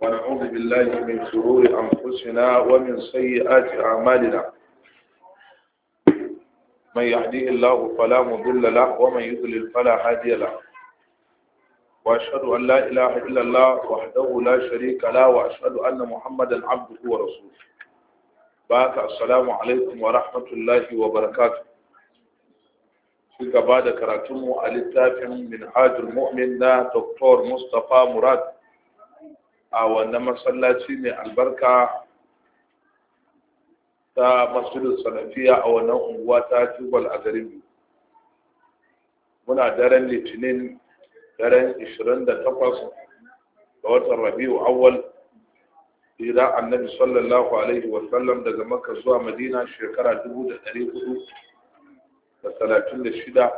ونعوذ بالله من شرور أنفسنا ومن سيئات أعمالنا من يهديه الله فلا مضل له ومن يضلل فلا هادي له وأشهد أن لا إله إلا الله وحده لا شريك له وأشهد أن محمدا عبده ورسوله بارك السلام عليكم ورحمة الله وبركاته في بعد كراتمه التافه من حاج المؤمن دكتور مصطفى مراد a wannan masallaci mai albarka ta masjidin sana'fiya a wannan unguwa ta jubal a garin muna daren litinin daren 28 ga watan rabiu awwal ira annabi sallallahu alaihi wasallam daga makka zuwa madina shekara da shida.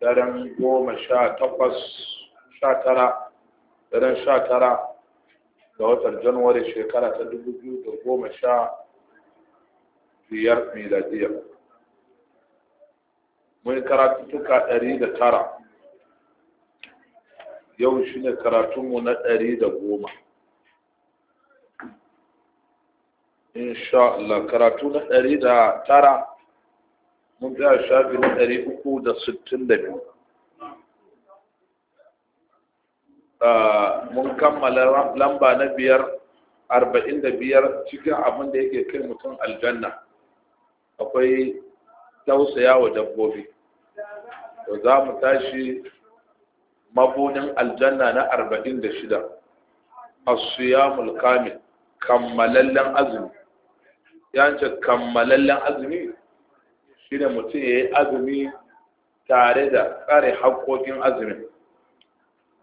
daren sha sha tara, daren tara. ga watan januwari shekara ta dubu biyu da goma sha biyar miladiyar mun karatu tuka ɗari da tara yau shi ne karatunmu na ɗari da goma insha Allah karatu na ɗari da tara mun biya shafi na ɗari uku da sittin da biyu mun kammala lamba na biyar arba'in da biyar cikin abin da yake kai mutum aljanna akwai tausaya wa dabbobi to za mu tashi mabunin aljanna na arba'in da shida asiyamul kamil kammalallen azumi yance kammalallen azumi shine mutum ya yi azumi tare da tsare haƙoƙin azumin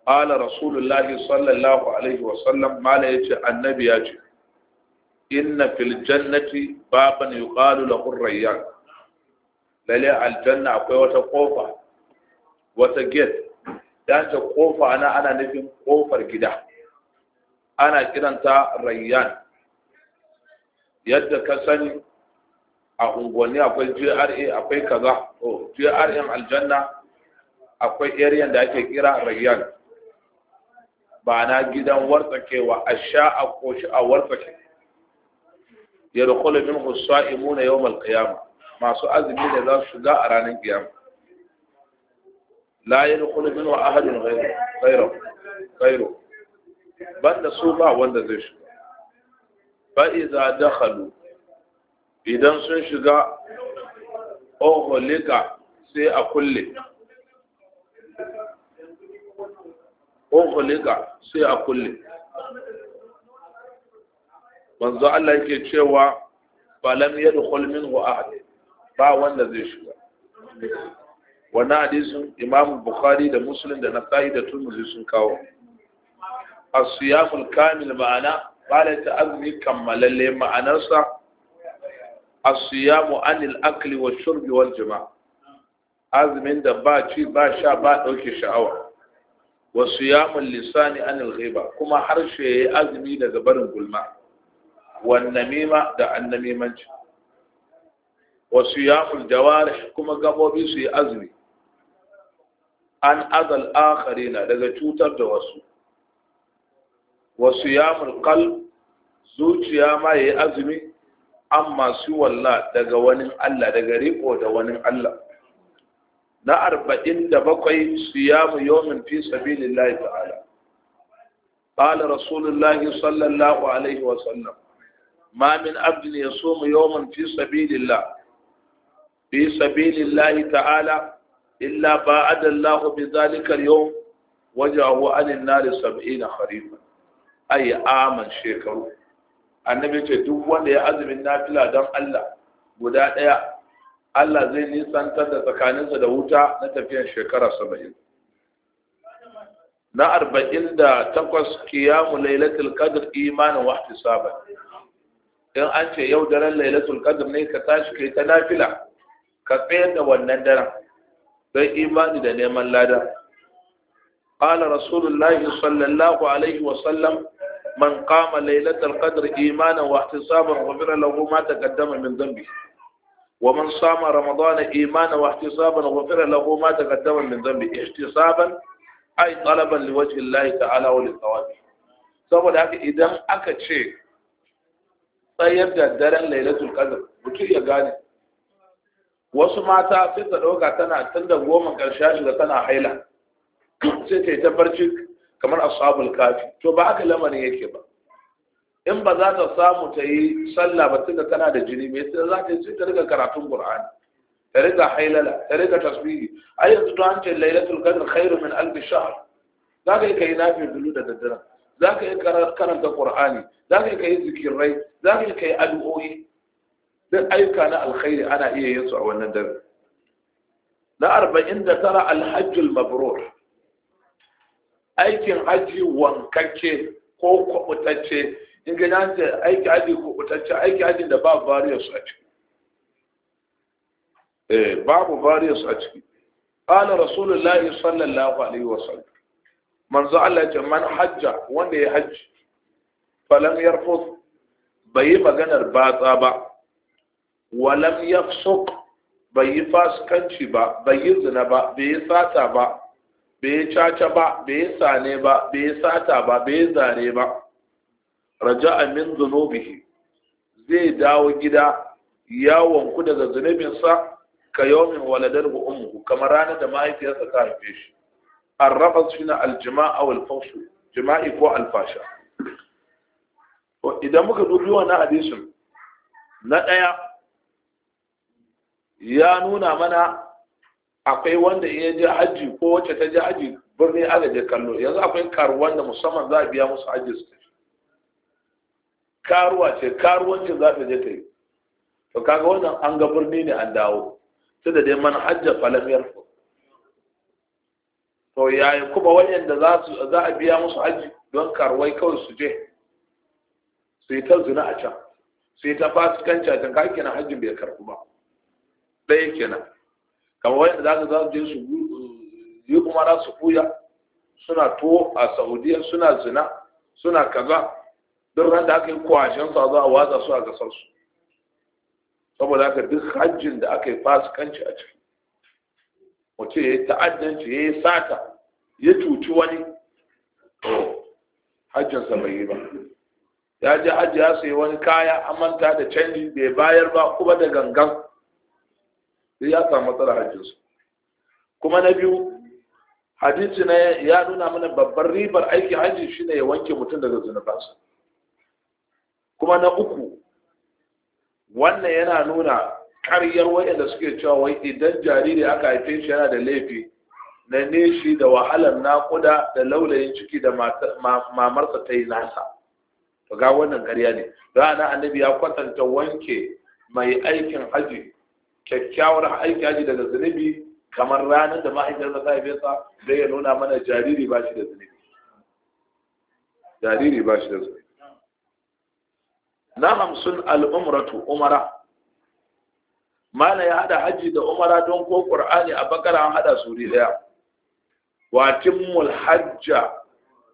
qala rasulullahi sallallahu alaihi wa sallam mala ce, annabi ya ce inna fil jannati baban yuqalu lahu ar-rayyan lalle aljanna akwai wata kofa wata gate dan ta kofa ana ana nufin kofar gida ana kiranta rayyan yadda ka sani a unguwanni akwai GRA akwai kaza to GRA aljanna akwai area da ake kira rayyan ba na gidan wartsakewa a sha a koshi a wartsake ya rukula min hussa imuna yau malkiyama masu azumi da za su shiga a ranar kiyama la ya rukula min wa ahadin Ban banda su ba wanda zai shiga ba iza dakhalu idan sun shiga oholika sai a kulle ukhliqa sai a kulle manzo Allah yake cewa falam yadkhul minhu ahad ba wanda zai shiga wannan hadisin imam bukhari da muslim da nasa'i da turmuzi sun kawo as-siyamul kamil ma'ana bala ta azumi kammalalle ma'anarsa as-siyamu anil akli wa shurbi wal azumin da ba ci ba sha ba dauke sha'awa wa yamun lisani anil ghiba kuma harshe yayi azumi daga barin gulma wan da annamimanci Wasu siyamul jawarih kuma gabobi su yi azumi an azal na daga cutar da wasu Wasu siyamul qalb zuciya ma yi azumi amma su walla daga wani Allah daga riko da wani Allah na arba'in da bakwai siyamu yawmin fi Lillahi ta'ala qala rasulullahi sallallahu alaihi wa sallam ma min abdin yasumu yawman fi sabilillah fi Lillahi ta'ala illa ba'ada Allahu bi dhalika al-yawm wajahu anin nari 70 kharifa ay aman shekaru annabi ce duk wanda ya azumin nafila don Allah guda ɗaya. Allah zai nisantar da tsakaninsa da wuta na tafiyan shekara saba'in na arba'in da takwas kiyamu lailatul qadr imanin wahti saban in an ce yau daren lailatul qadr ne ka tashi kai ta nafila ka tsayar da wannan daren don imani da neman lada qala rasulullahi sallallahu alaihi wa sallam man kama lailatul qadr imanan wahtisaban ghufira lahu ma taqaddama min dhanbihi ومن صام رمضان إيمانا واحتسابا غفر له ما تقدم من ذنبه احتسابا أي طلبا لوجه الله تعالى وللثواب saboda haka idan aka ce tsayar da daren lailatul qadr mutum ya gane wasu mata sai ta dauka tana tun da goma karshe shiga tana haila sai ta yi ta barci kamar ashabul kafi to ba haka lamarin yake ba in ba za ta samu ta yi sallah ba tunda tana da jini mai sai za ta yi sai ta riga karatun qur'ani ta riga hailala ta riga tasbihi ai yanzu to an ce lailatul qadr khairu min alf shahr za ka yi kai nafi dulu da daddare za ka yi karanta qur'ani za ka yi kai zikirai za ka yi kai addu'o'i duk ayyuka na alkhairi ana iya yin su a wannan dare na arba'in da tara alhajjul mabrur aikin haji wankacce ko kwabutacce in ga nan aiki aji ko kutacce aiki ajin da babu barriers a ciki eh babu barriers a ciki qala rasulullahi sallallahu alaihi wasallam manzo Allah ce man hajja wanda ya hajji falam yarfus bai maganar batsa ba walam yafsuk bai yi fasikanci ba bai yi zina ba bai yi sata ba bai yi caca ba bai yi sane ba bai yi sata ba bai yi zare ba Raja min dhunubihi zai dawo gida ya wanku daga zunubinsa ka yawmin waladar wa ummuhu kamar ranar da mahaifiyarsa ta haife shi shi na aljima'a wal fawshu jima'i ko alfasha idan muka dubi wannan hadisin na ɗaya, ya nuna mana akwai wanda ya je haji ko wacce ta je haji birni aka je kallo yanzu akwai karuwan da musamman za a biya musu haji su karuwa ce karuwancin za ta je ta yi to kaga wannan an ga birni ne an dawo tunda dai man hajja falam yarfu to kuma wayanda za su za a biya musu haji don karuwai kawai su je su yi ta zina a can su yi ta fasikanci a can kaga kenan hajjin bai karbu ba ɗaya kenan kamar wayanda za su za su je su yi umara su buya suna to a saudiya suna zina suna kaza don ran da aka yi kwashen sa za a watsa su a gasarsu su saboda haka duk hajjin da aka yi fasikanci a ciki wace ya yi ta'addanci ya yi sata ya cuci wani hajjinsa bai yi ba ya ji hajji ya sayi wani kaya an da canji bai bayar ba kuma da gangan sai ya samu matsala hajjinsu. kuma na biyu hadisi na ya nuna mana babbar ribar aikin hajji shine ya wanke mutum daga zunubansa kuma na uku wannan yana nuna karyar wayanda suke cewa wai idan jariri aka haife shi yana da laifi na neshi da wahalar naƙuda da laulayin ciki da mamarsa ta yi nasa to ga wannan karya ne don ana annabi ya kwatanta wanke mai aikin haji kyakkyawar aiki haji daga zunubi kamar ranar da mahaifiyar da haife sa zai ya nuna mana jariri ba shi da zunubi jariri ba shi da zunubi na hamsin al'umratu umara mana ya hada haji da umara don ko ƙur'ani a bakara an hada suri daya wa timmul hajja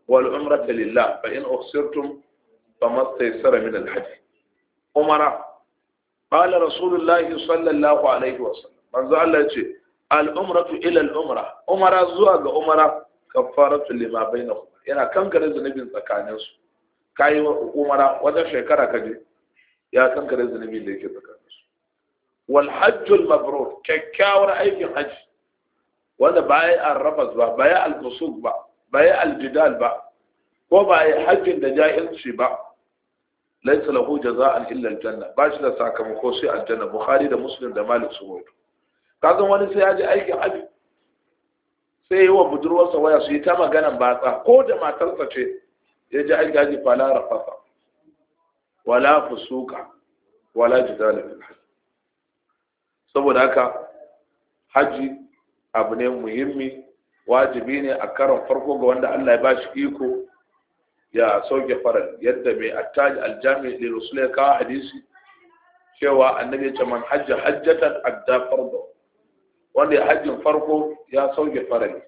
wal umrata lillah fa in uhsirtum famastaysara min al hajj umara qala rasulullahi sallallahu alaihi wa wasallam manzo Allah ce al umratu ila al umra umara zuwa ga umara kafaratu lima bainahuma yana kankare zunubin tsakaninsu ka yi umara wajen shekara ka je ya san ka da zunubi da yake tsakanin su wal hajjul mabrur kyakkyawar aikin hajji wanda ba ya arrafas ba ba ya alfusuk ba ba ya aljidal ba ko ba ya hajjin da jahilci ba laisa lahu jaza'an illa aljanna ba shi da sakamako sai aljanna bukhari da muslim da malik su rawaito kaga wani sai ya ji aikin hajji sai yi wa budurwarsa waya su yi ta maganan batsa ko da matarsa ce ya ji aiki haji fala fasa, wala fusuka wala jidala fil haji saboda haka haji abu ne muhimmi wajibi ne a karon farko ga wanda Allah ya bashi iko ya sauke farar yadda mai attaji aljami da rasulai kawo hadisi cewa annabi ya ce man hajja hajjatan adda wanda hajjin farko ya sauke farar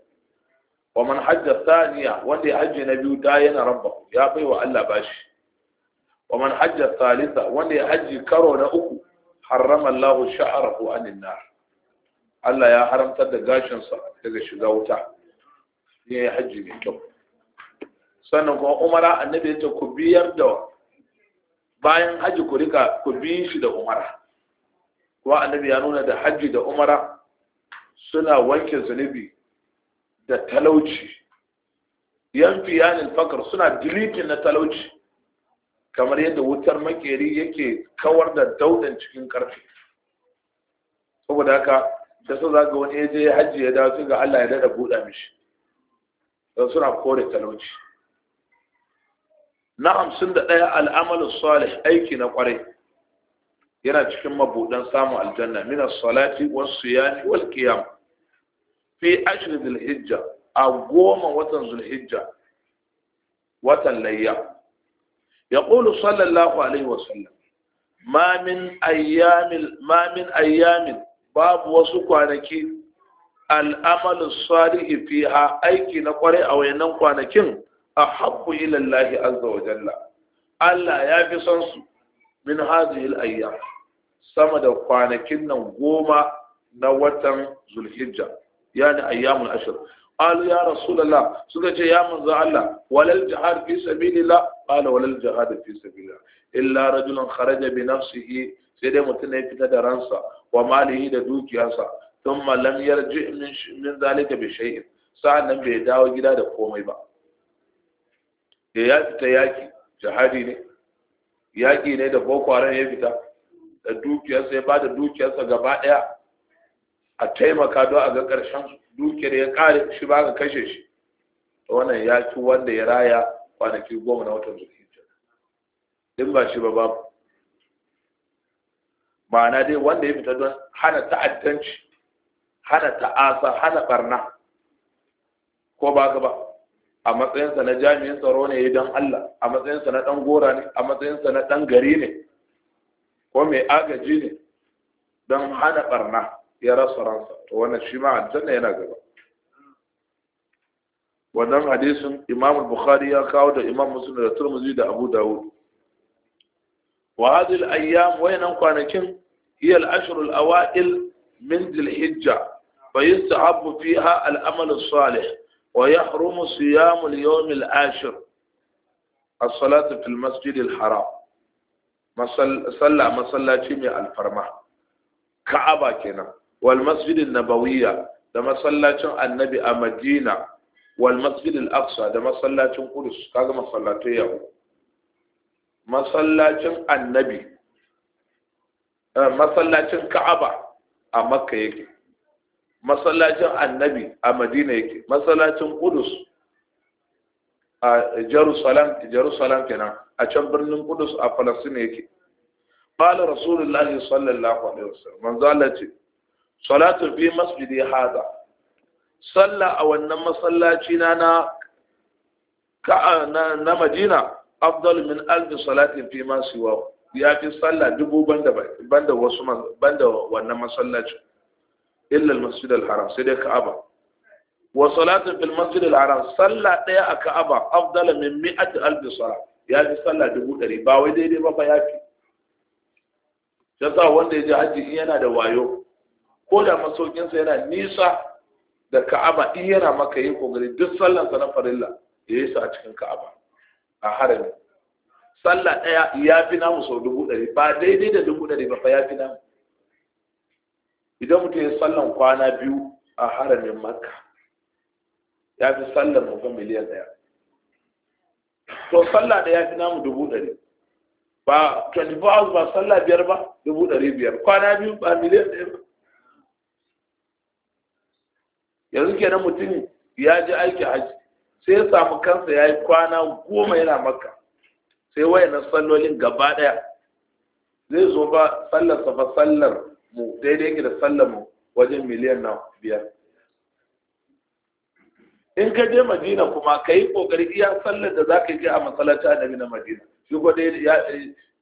wa man hajja thaniya wanda ya hajji na biyu ta yana rabba, ya bai wa Allah bashi wa man hajja thalitha wanda ya hajji karo na uku harrama Allah sha'arahu anin nar Allah ya haramtar da gashin sa daga shiga wuta ne ya hajji mai kyau sannan kuma umara annabi ya ce ku biyar da bayan haji ku rika ku bi shi da umara kuma annabi ya nuna da haji da umara suna wanke zunubi da talauci yan fiyanin fakar suna dilitin na talauci kamar yadda wutar makeri yake kawar da daudan cikin karfe saboda haka da su za ga wani ya je hajji ya dawo ga Allah ya dada buɗa mishi don suna kore talauci na hamsin da ɗaya al'amalin salih aiki na ƙwarai yana cikin mabuɗan samun aljanna mina salati wasu yani wal kiyama fi ashir zulhijja a goma watan zulhijja watan layya ya ƙulu sallallahu alaihi wasallam ma min ayyamin babu wasu kwanaki al'amalin salihi fi ha aiki na kwarai a wayannan kwanakin a haƙƙu ilallahi azza wa jalla Allah ya fi son su min hazihil ayyam sama da kwanakin nan goma na watan zulhijja yani ayyamul ashr qalu ya rasulullah suka ce ya manzo Allah walal jihad fi sabilillah qala walal jihad fi sabilillah illa rajulun kharaja bi nafsihi sai dai mutum ya fita da ransa wa malihi da dukiyarsa thumma lam yarji min zalika bi shay'in sa'an nan bai dawo gida da komai ba da ya fita yaki jihadi ne yaki ne da boko haram ya fita da dukiyarsa ya bada dukiyarsa gaba daya a taimaka don a ga ƙarshen dukiyar ya ƙare shi ba ka kashe shi wannan ya ci wanda ya raya kwanaki goma na watan zulhijja din ba shi ba babu ma'ana dai wanda ya fita don hana ta'addanci hana ta'asa hana barna ko ba ka ba a matsayinsa na jami'in tsaro ne don Allah a matsayinsa na ɗan gora ne a matsayinsa na ɗan gari ne ko mai agaji ne don hana barna ya rasa ransa to wannan shi ma aljanna yana gaba wannan hadisin imam bukhari ya kawo da imam muslim da turmuzi da abu dawud wa hadhihi al-ayyam wainan kwanakin hiya al-ashr al-awa'il min dhil-hijja fayastahabbu fiha al-amal as-salih wa yahrumu siyam al-yawm al-ashir as-salatu fil masjid al-haram masalla masallaci mai alfarma ka'aba kenan wal masjidin nabawiyya da masallacin annabi a madina wal masjidil da masallacin kudus masallacin annabi eh, masallacin ka'aba a makka yake masallacin annabi a madina yake masallacin kudus a jerusalem a can birnin kudus a falastin yake qala rasulullahi sallallahu salatu fi masjidi hada salla a wannan masallaci na na na madina afdal min alf salatin fi ma siwa ya fi salla dubu banda banda wasu banda wannan masallaci illa almasjid alharam sai dai ka'aba wa salatu fil masjid haram salla daya a ka'aba afdal min mi'at alf salat ya fi salla dubu dari ba wai daidai ba ba ya fi yasa wanda ya ji haji yana da wayo ko da masaukinsa yana nisa da ka'aba in yana maka yi kokari duk sallansa na farilla ya yi sa a cikin ka'aba a harami sallah ɗaya ya fi namu sau dubu ɗari ba daidai da dubu ɗari ba fa ya fi namu idan mutum ya sallan kwana biyu a haramin makka ya fi sallan mu miliyan ɗaya to sallah ɗaya ya fi namu dubu ɗari ba 24 hours ba sallah biyar ba dubu ɗari biyar kwana biyu ba miliyan ɗaya ba yanzu nan mutum ya ji aiki hajji sai ya samu kansa ya yi kwana goma yana makka sai na sallolin gaba daya zai zo ba sallar safa sallar mu daidai yake da sallar mu wajen miliyan na biyar in ka je madina kuma ka yi kokari iya sallar da za ka yi a masallaci annabi na madina shi dai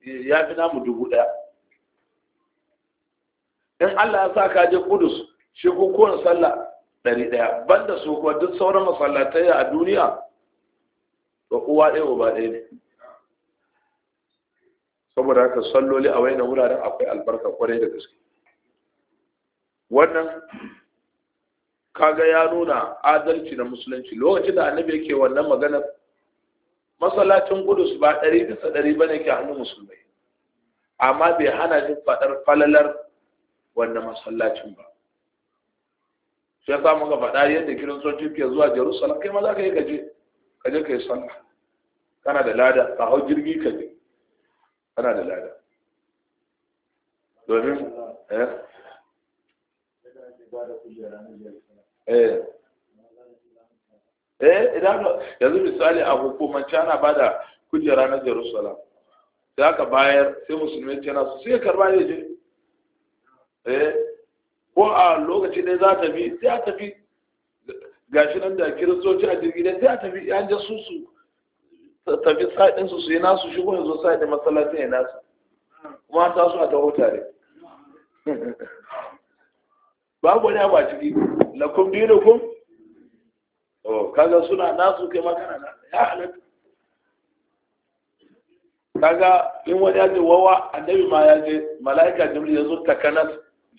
ya fi namu dubu daya in allah ya sa ka je kudus shi ko kowane sallah ɗari ɗaya banda su kuwa duk sauran masallatai a duniya ba uwa ɗaya uba ɗaya ne saboda haka salloli a waina wuraren akwai albarka kwarai da gaske wannan kaga ya nuna adalci da musulunci lokacin da annabi yake wannan maganar masallacin gudus ba ɗari bisa ɗari ba ne ke hannun musulmai amma bai hana ni faɗar falalar wannan masallacin ba ya yasa muka faɗa yadda sojoji ke zuwa jerusalem kai ma za ka yi kaje kaje ka yi sallah kana da lada ka hau jirgi ka je kana da lada domin eh eh eh idan yanzu misali a hukumance ana ba da kujera na jerusalem sai aka bayar sai musulmi ce na su sai karba ya je eh ko a lokaci ne za ta bi sai a tafi gashi nan da kiristoci a jirgi ne sai a tafi an je su su tafi sa'in su su yi nasu shigo ko yanzu sa'in masallaci ya nasu kuma ta su a ta hota ne ba ku ne ba ciki biyu da kun kaga suna nasu kai magana na ya halatta kaga in wani ya je wawa annabi ma ya je mala'ika jimri ya zo takanas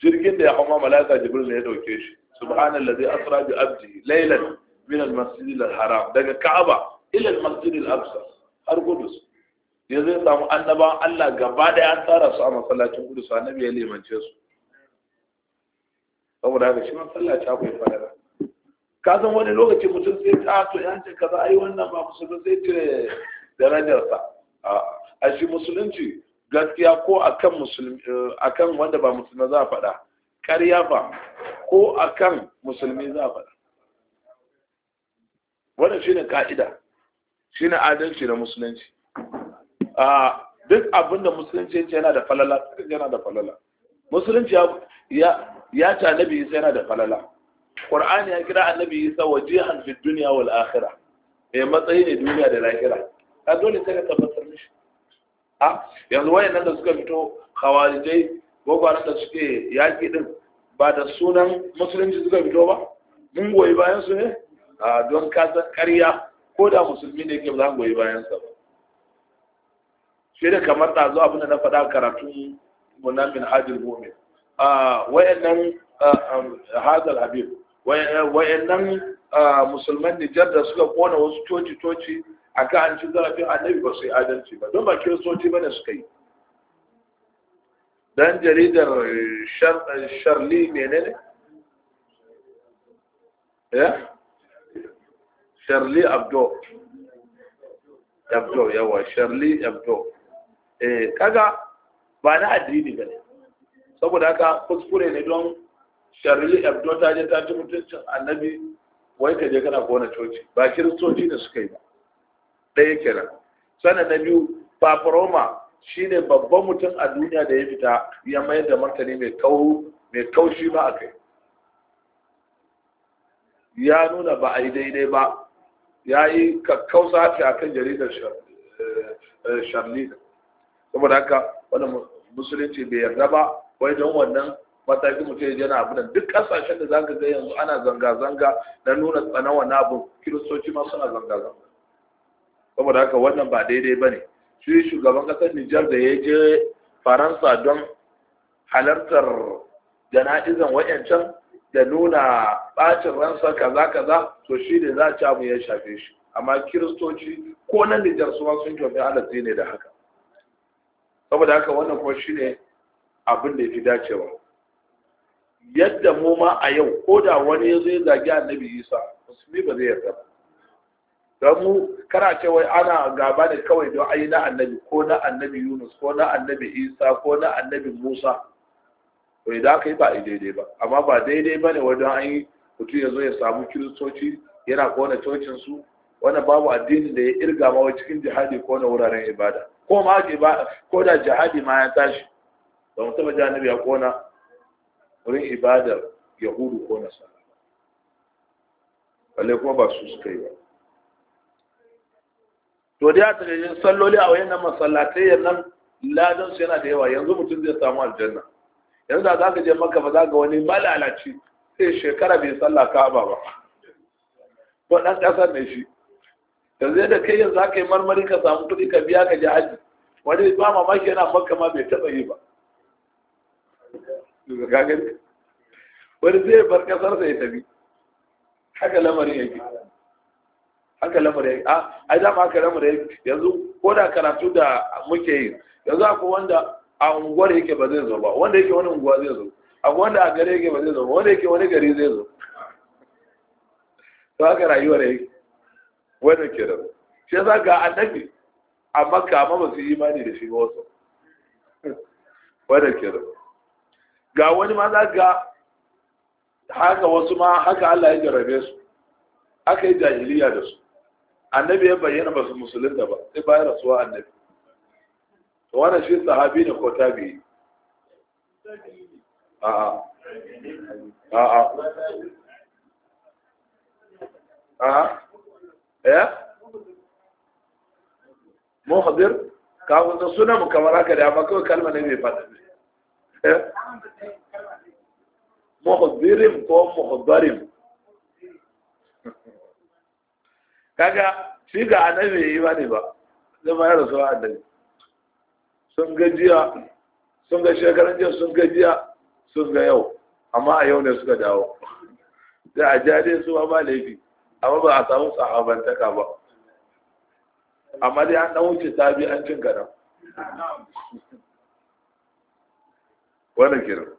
jirgin da ya hau malaka jibril ne ya dauke shi subhanallazi asra bi abdi laylan min al haram daga ka'aba ila al-masjid aqsa har qudus ya zai samu annabawan Allah gaba da ya tsara su a masallacin qudus annabi ya limance su saboda haka shi masallaci kai fara ka san wani lokaci mutum sai ta to ya ce kaza ai wannan ba musulmi zai cire darajarsa a shi musulunci gaskiya ko akan musulmi eh, akan wanda ba musulmi za a faɗa ƙarya ba ko akan musulmi za a faɗa wannan shine ka'ida shine adalci da musulunci a duk abinda musulunci yace yana da falala yana da falala musulunci ya ya ta annabi yasa yana da falala Qur'ani ya kira annabi yasa wajihan fid dunya wal akhirah eh matsayi ne duniya da lahira ka dole sai ka tabbatar mishi a yanzu wayannan da suka fito khawarijai gwagwaran da suke yaƙi din ba da sunan musulunci suka fito ba mun goyi bayan su ne a don kasan ƙarya ko da musulmi ne ke ba za goyi bayan sa ba shi da kamar ɗazu abin da na faɗa karatun munan min hajjil mumin wayannan hazal habib wayannan musulman nijar da suka kona wasu coci-coci ka an ci zarafin annabi ba su yi adalci ba don ba kiristoci ba ne suka yi dan jaridar sharli menene ya eh? sharli abdo abdo yawa sharli abdo eh kaga ba na addini ba ne saboda haka kuskure ne don sharli abdo ta je ta ci mutuncin annabi wai ka je kana kona coci ba kiristoci ne suka yi ba ɗaya kenan sannan na biyu paparoma shine babban mutum a duniya da ya fita ya mayar da martani mai kaushi ba a kai ya nuna ba a yi daidai ba ya yi kakkausa haka a kan jaridar eh, eh, sharlina saboda haka wani musulunci bai yarda ba wai don wannan matakin mutum ya jana abin duk kasashen da za ga yanzu ana zanga-zanga na nuna tsanawa na abu. kiristoci ma suna zanga-zanga saboda haka wannan ba daidai ba ne shi shugaban kasar nijar da ya je faransa don halartar jana'izan wayancan da nuna bacin ransa kaza kaza to shi ne za a ci abu ya shafe shi amma kiristoci ko nan nijar su sun kyofi alatsi ne da haka saboda haka wannan kuma shi ne abin da ya fi dacewa yadda mu ma a yau ko da wani ya zo ya zagi annabi isa musulmi ba zai yarda ba don mu kana ce wai ana gaba da kawai don ayi na annabi ko na annabi yunus ko na annabi isa ko na annabi musa Wai idan aka yi ba daidai ba amma ba daidai ba ne wajen an yi mutum ya zo ya samu kiristoci yana kona cocinsu wani babu addinin da ya irga ma cikin jihadi ko na wuraren ibada ko ma ba ko da jihadi ma ya tashi da mutum ba janibi ya kona wurin ibadar yahudu ko nasara kuma ba su suka yi ba to dai a yin salloli a wayannan masallatai nan, ladan su yana da yawa yanzu mutum zai samu aljanna yanzu da zaka je makka ba za ga wani malalaci sai shekara bai sallah ka'aba ba ko dan kasar ne shi yanzu da kai yanzu zaka yi marmari ka samu kuɗi ka biya ka je haji wani ba mamaki yana makka ma bai taɓa yi ba wani zai bar kasar sai bi. haka lamarin yake haka lamarin a ai da ma haka lamarin yanzu ko da karatu da muke yi yanzu akwai wanda a unguwar yake ba zai zo ba wanda yake wani unguwa zai zo akwai wanda a gari yake ba zai zo wanda yake wani gari zai zo to haka rayuwar yake wanda ke da shi yasa ga annabi amma ba su yi imani da shi ba wasu wanda ke da ga wani ma za ga haka wasu ma haka Allah ya jarabe su aka yi jahiliya da su annabi ya bayyana ba su da ba sai bayan rasuwa annabi to wane shi sahabi ne ko tabi a'a a'a a'a ya? Eh? muhadir ka wanda suna mu kamar haka da amma kawai kalma ne mai fada eh? muhadirin ko muhadarin kaga shi ga annabi yi ba ne ba zama ya rasu annabi sun gajiya sun ga shekaran jiya sun gajiya sun ga yau amma a yau ne suka dawo da a jade su ba laifi amma ba a samu sahabantaka ba amma dai an dan wuce tabi an cin kadan Wani kiran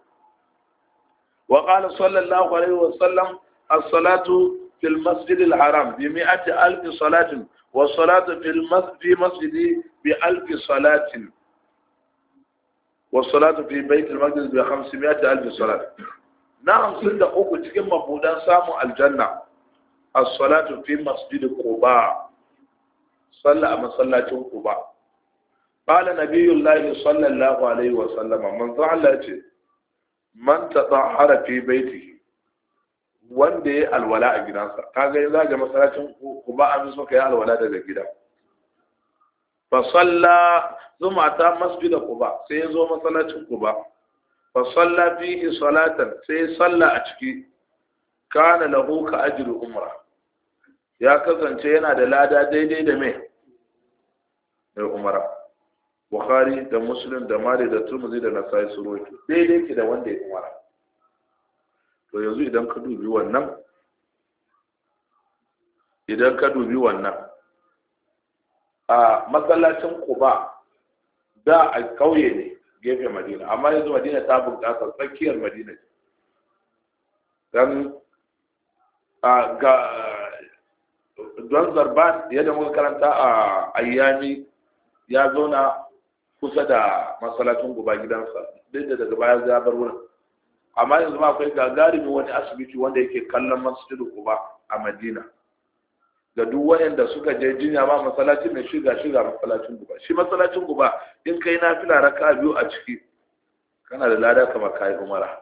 wa qala sallallahu alaihi wa sallam as-salatu في المسجد الحرام بمئة ألف صلاة والصلاة في المسجد في مسجدي بألف صلاة والصلاة في بيت المقدس بخمسمائة ألف صلاة نعم صدق أكو تكين مبودا سامو الجنة الصلاة في مسجد قباء صلى أما صلاة قباء قال نبي الله صلى الله عليه وسلم من ظهر من تطهر في بيته wanda ya alwala a gidansa ka ga za ga masallacin ku ba an so ka yi alwala daga gida fa salla zuma ta masjida ba sai ya zo masallacin quba fa salla fihi salatan sai salla a ciki kana lahu ka ajru umra ya kasance yana da lada daidai da mai mai umara bukhari da muslim da mali da turmuzi da nasai suroki daidai ki da wanda ya umara to yanzu idan ka dubi wannan idan ka dubi wannan a masallacin kuba da a kauye ne gefe madina amma yanzu madina ta bunƙasa tsakiyar madina don don zarban yadda muka karanta a ayyami ya zauna kusa da masallacin guba gidansa duk da daga baya ya bar wurin amma yanzu ma akwai gagarumi wani asibiti wanda yake kallon masjidu kuba a madina ga duk wayanda suka je jinya ma masallacin mai shiga shiga masallacin guba shi masallacin guba in kai na fila raka biyu a ciki kana da lada kamar kayi umara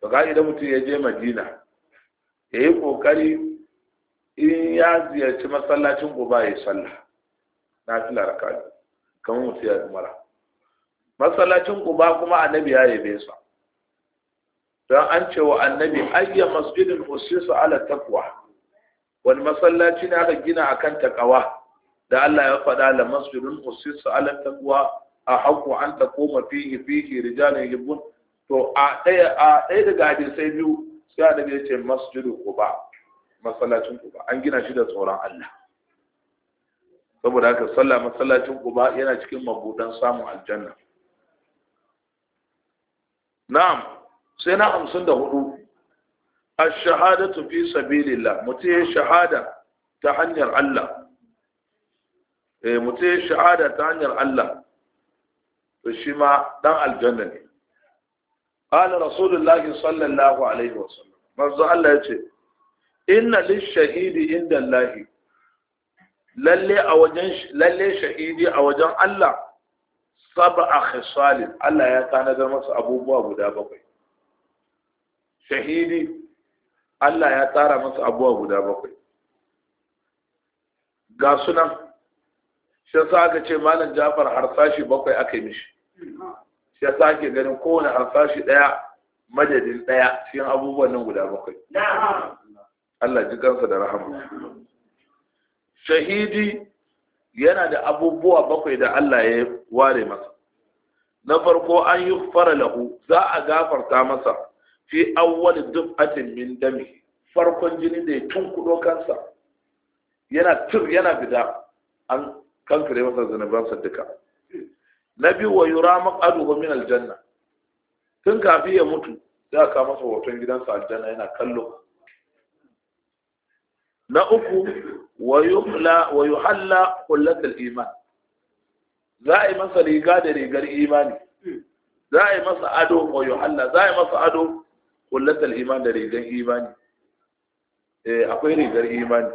to ga idan mutum ya je madina ya yi ƙoƙari in ya ziyarci masallacin guba ya yi sallah na fila raka biyu kamar mutum ya umara masallacin uba kuma annabi ya yabe sa don an ce wa annabi ayya masjidin usisu ala taqwa wani masallaci ne aka gina akan takawa da Allah ya faɗa la masjidun usisu ala taqwa a haƙo an ta koma fihi fihi rijalin hibbun to a ɗaya a ɗaya daga hadisai biyu sai annabi ya ce masjidu quba masallacin an gina shi da tsoron Allah saboda haka sallah masallacin uba yana cikin mabudan samun aljanna نعم, نعم، سنة خمسون ده هو الشهادة في سبيل الله متي شهادة تحنير الله إيه، متي شهادة تحنير الله الشماء دع الجنة قال رسول الله صلى الله عليه وسلم مرضى الله يتي إن للشهيد عند الله للي أوجن للي شهيدي أوجن الله sab'a khisalin Allah ya tanadar masa abubuwa guda bakwai shahidi Allah ya tsara masa abubuwa guda bakwai ga sunan shi sa aka ce malam Jafar harsashi bakwai aka yi mishi shi sa ake ganin kowane harsashi daya madadin daya cikin abubuwan nan guda bakwai Allah ji kansa da rahama shahidi yana da abubuwa bakwai da Allah ya ware masa na farko an yi fara lahu za a gafarta masa fi awwal dufatin min dami farkon jini da ya tunkudo kansa yana tur yana bida an kankare masa zanabansa duka na biyu wa yura maqaduhu min aljanna tun kafin ya mutu za ka masa hoton gidansa aljanna yana kallo na uku wa yuhalla kullatul iman za a yi masa riga da rigar imani za a yi masa ado wa yuhalla za a yi masa ado kullatul iman da rigar imani eh akwai rigar imani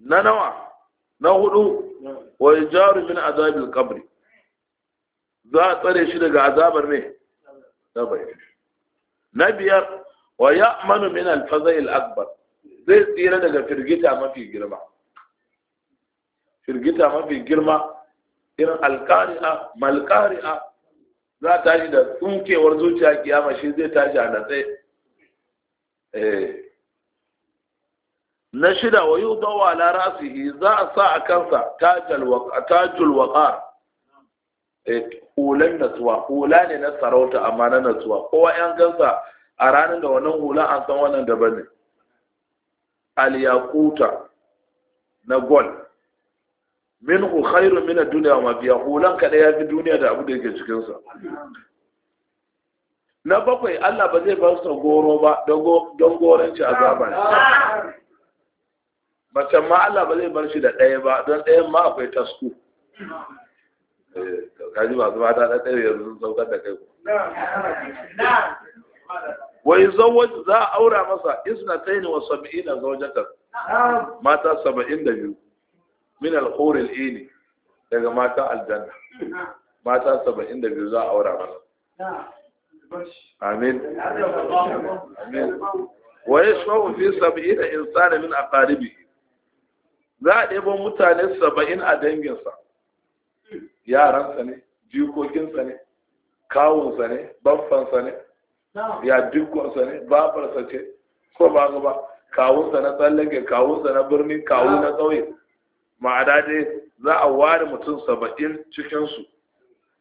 na nawa na hudu wa yajaru jarumin azabin qabri za a tsare shi daga azabar ne na biyar wa ya'manu min al-faza'il akbar zai tsira daga firgita mafi girma firgita mafi girma irin alkari'a malkari'a za ta tashi da tsunkewar zuciya kiyama shi zai tashi a natse eh. na shida wa yau dawa rasihi za a sa a kansa tajul waqar eh, hulan natsuwa hula ne na sarauta amma na natsuwa kowa yan gansa a ranar da wannan hula an san wannan daban ne al na na min ku khairu min ad-dunya wa biya hulan kada ya fi duniya da abu da yake cikin sa na bakwai Allah ba zai bar sa goro ba don goranci azaba ne macen ma Allah ba zai bar shi da ɗaya ba don daya ma akwai tasku kaji masu zuwa da ɗaya yanzu saukar da kai na wai zawaj za a aura masa taini wa sab'ina zawjatan mata 72 min al-hur al-ini daga mata aljanna mata 72 za a aura masa amin amin wa yashfa'u fi sab'ina insana min aqaribi za a ɗebo mutane 70 a danginsa yaransa ne jikokinsa ne kawunsa ne baffansa ne ya duk ne babarsa ce ko ba ga ba kawunsa na tsallake kawunsa na birni kawu na tsawai ma'ana dai za a ware mutum saba'in cikinsu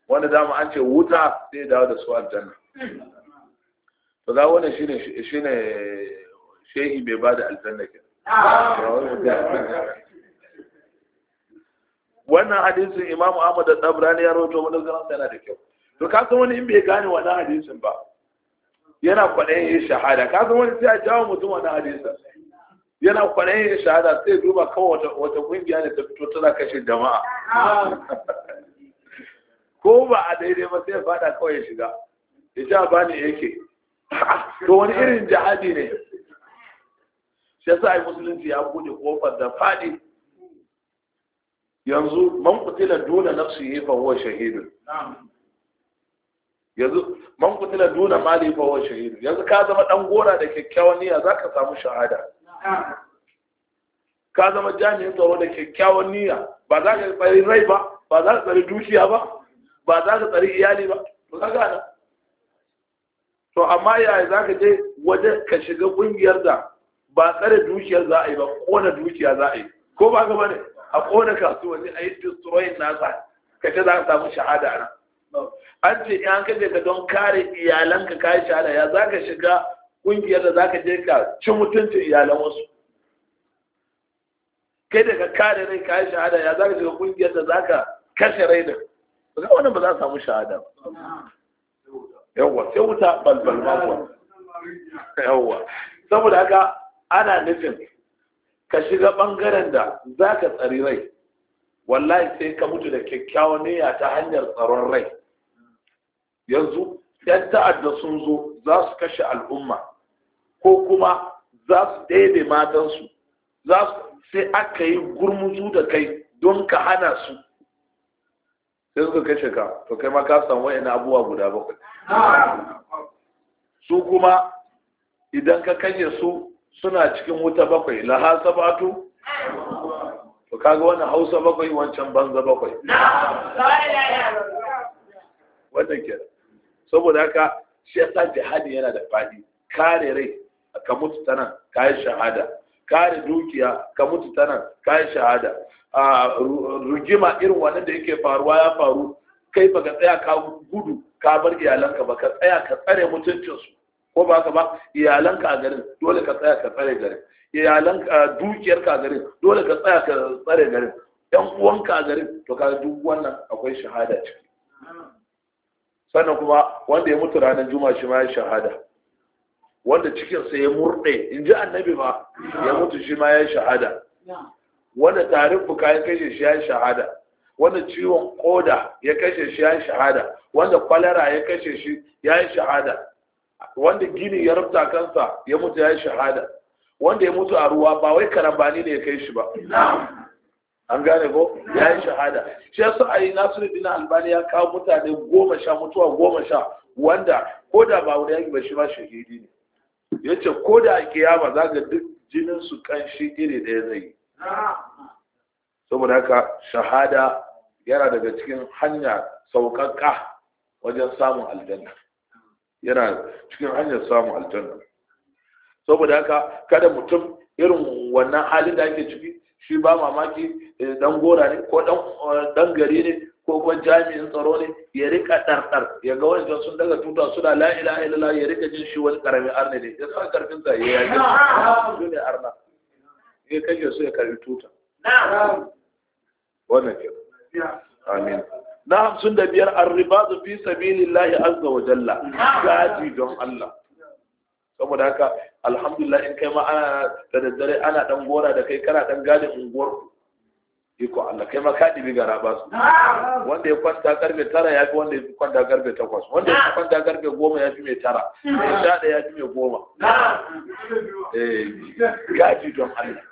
wanda dama an ce wuta zai dawo da su aljanna to za wani shine shine shehi bai ba da aljanna ke wannan hadisin imam ahmad da tabrani ya rawaito wani zaran yana da kyau to ka wani in bai gane wannan hadisin ba yana kwaɗayin yin shahada ka san wani sai a jawo mutum wani hadisa yana kwaɗayin yin shahada sai duba kawai wata ƙungiya da ta fito tana kashe jama'a ko ba a daidai ba sai fada kawai ya shiga ya ja ba ne yake to wani irin jihadi ne shi yasa ai musulunci ya buɗe kofar da faɗi yanzu man kutila dole nafsihi fa huwa shahidun yanzu man kutila duna mali fa wa shahidu yanzu ka zama dan gora da kyakkyawan niyya zaka samu shahada ka zama jami'in tsaro da kyakkyawan niyya ba za ka tsari rai ba ba za ka tsari dukiya ba ba za ka tsari iyali ba to ka gana? to amma yaya za ka je waje ka shiga kungiyar da ba tsare dukiyar za a yi ba kona dukiya za a yi ko ba ka bane a kona kasuwanni a yi destroying nasa ka ce za ka samu shahada nan an ce in an kaje ka don kare iyalanka ka yi shahada ya za ka shiga kungiyar da za ka je ka ci mutuncin iyalan wasu kai da ka kare rai ka yi shahada ya za ka shiga kungiyar da za ka kashe rai da ba za wani ba za a samu shahada yawwa sai wuta balbal mako. yawwa saboda haka ana nufin ka shiga bangaren da za ka tsari rai wallahi sai ka mutu da kyakkyawan niyya ta hanyar tsaron rai yanzu yan ta'adda sun zo za su kashe al'umma ko kuma za su ɗebe matansu za su sai aka yi gurmuzu da kai don ka hana su sai suka kashe ka to kai ma ka samu wa'in abubuwa guda bakwai su kuma idan ka kashe su suna cikin wuta bakwai lahasa sabatu to kaga wani hausa bakwai wancan banza bakwai wannan kenan saboda haka shi yasa jihadi yana da fadi kare rai ka mutu tana kayan shahada kare dukiya ka mutu tana kayan shahada a rigima irin wannan da yake faruwa ya faru kai ba ka tsaya ka gudu ka bar iyalanka ba ka tsaya ka tsare mutuncinsu ko ba ka ba iyalanka a garin dole ka tsaya ka tsare garin iyalanka dukiyarka a garin dole ka tsaya ka tsare garin yan uwanka a garin to ka duk wannan akwai shahada ciki sannan kuma wanda ya mutu ranar juma'a shi ma ya shahada wanda cikinsa ya murɗe in ji annabi ma ya mutu shi ma ya shahada wanda tarin fuka ya kashe shi ya shahada wanda ciwon koda ya kashe shi ya shahada wanda kwalara ya kashe shi ya shahada wanda gini ya rubuta kansa ya mutu ya shahada wanda ya mutu a ruwa ba wai karambani ne ya kai shi ba an gane ko ya yi shahada shi yasa a yi nasiruddin albani ya kawo mutane goma sha mutuwa goma sha wanda ko da ba wani yaki ba shi ma shahidi ne ya ce ko da a yaba za ga duk jinin su kanshi iri ɗaya zai yi saboda haka shahada yana daga cikin hanya sauƙaƙa wajen samun aljanna yana cikin hanyar samun aljanna saboda haka kada mutum irin wannan halin da ake ciki shi ba mamaki eh, dan gora ne ko eh, dan gari ne ko kuma jami'in tsaro ne ya rika ɗarɗar ya ga wani sun daga tuta suna la ilaha illallah ya rika jin shi wani karamin arna ne ya sa karfin sa ya yi su ne arna ya kashe su ya karbi tuta wannan ke amin na hamsin da biyar an su fi sabilillahi azza wa jalla gaji don Allah saboda haka alhamdulillah in kai ma ana da daddare ana dan gora da kai kana dan gadin unguwar iko Allah kai ma ka dibi gara ba su wanda ya kwanta karfe tara ya fi wanda ya kwanta karfe takwas wanda ya kwanta karfe goma ya fi mai tara mai sha ya fi mai goma eh gaji don Allah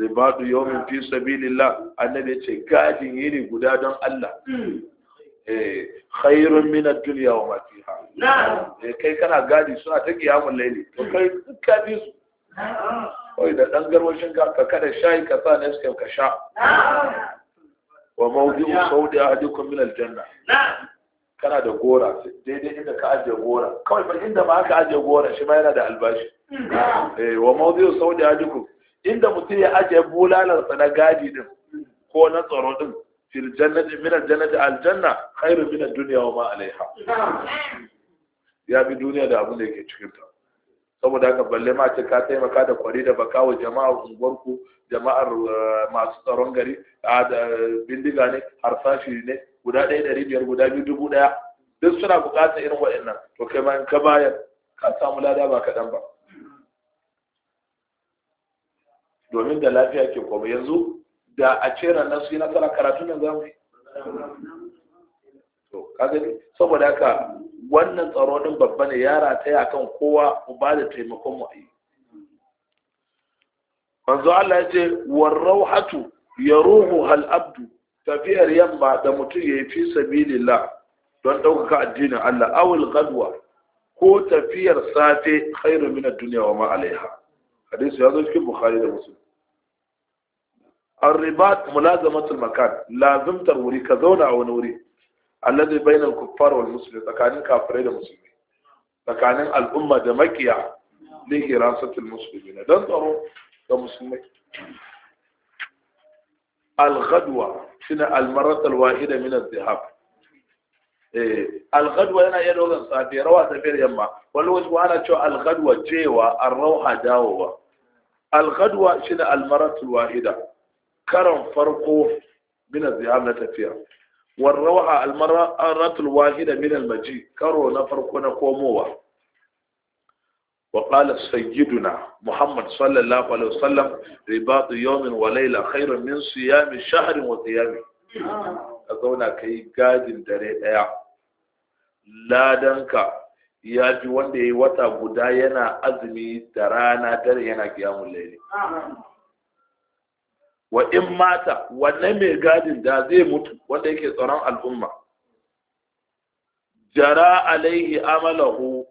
ribadu yawmin fi sabilillah annabi ya ce gajin yini guda don Allah hmm. Eh, khairun min ad-dunya wa ma fiha na'am eh, kai kana gadi suna ta kiyamul layli to kai ka bi su kai da dan garwashin ka ka kada shayi ka sa ne ka sha wa mawdi'u sawdi ahadukum min al-janna kana da gora daidai inda ka ajiye gora kawai ba inda ma aka ajiye gora shi ma yana da albashi eh wa mawdi'u sawdi ahadukum inda mutum ya ajiye bulalar sa na gadi din ko na tsaro din fil jannati min al jannati al janna khairun min ad dunya wa ma alaiha ya bi duniya da abin da yake cikin ta saboda haka balle ma ce ka taimaka da kwari da baka wa jama'ar unguwarku jama'ar eh, masu tsaron gari a bindiga ne harsashi ne guda ɗaya ɗari biyar guda biyu dubu ɗaya duk suna buƙatar irin waɗannan to kai ma in ka bayar ka samu lada ba kaɗan ba domin da lafiya ke komai yanzu da a ce ranar su yi nasara karatu nan za mu yi to saboda haka wannan tsaro din babba ne ya ta ya kan kowa mu ba da taimakon mu ayi manzo Allah ya ce warrauhatu yaruhu hal abdu tafiyar yamma da mutum ya yi fi sabilillah don ɗaukaka addinin Allah awul gadwa ko tafiyar safe khairu min ad-dunya wa ma alaiha hadisi ya zo cikin bukhari da muslim الرباط ملازمة المكان لازم تروري كذونا أو نوري الذي بين الكفار والمسلمين تكانين كافرين المسلمين تكانين الأمة دمكية لهراسة المسلمين دان ترو المسلمين الغدوة هنا المرة الواحدة من الذهاب الغدوة هنا يدوغن سافي روا سفير يما والوز وانا شو الغدوة جيوة الروحة داوة الغدوة هنا المرة الواحدة karon farko min ziyar na tafiya warrawa almar'aratul wahida min almaji karo na farko na komowa wa qala sayyiduna muhammad sallallahu alaihi wasallam ribatu yawmin wa layla khairun min siyami shahrin wa ka zauna kai gadin dare daya ladanka ya ji wanda yayi wata guda yana azumi da rana dare yana qiyamul layli wa in mata wannan mai gadin da zai mutu wanda yake tsaron al'umma jara alaihi amalahu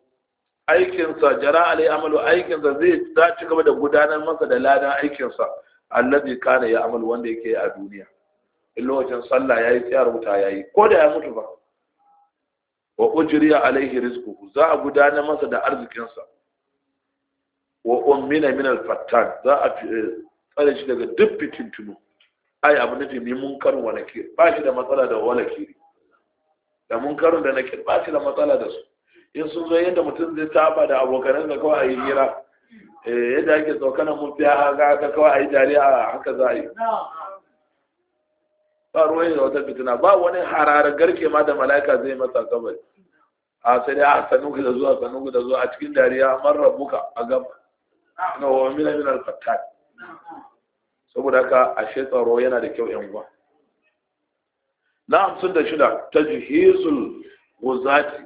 aikinsa jara alaihi amalu aikinsa zai ta ci gaba da gudanar masa da ladan aikinsa allazi kana ya amalu wanda yake a duniya in lokacin sallah yayi tsayar wuta yayi ko da ya mutu ba wa ujriya alaihi rizquhu za a gudanar masa da arzikinsa wa ummina min al-fattan za a eh, tsare shi daga duk fitintunu ai abu nufi mai munkarin wa ke ba shi da matsala da wa nakiri da munkarin da ke ba shi da matsala da su in sun zo yadda mutum zai taba da abokanan da kawai a yi hira eh, yadda ake tsokanan mun a haka aka kawai a yi dariya haka za a yi ba ruwan da wata fitina ba wani hararar garke ma da mala'ika zai masa kabari a sai dai a sanu da zuwa sanu da zuwa a cikin dariya man rabuka a gaba na wa mina minar al saboda ka ashe tsaro yana da kyau yan uwa na hamsin da shida ta jihizul guzati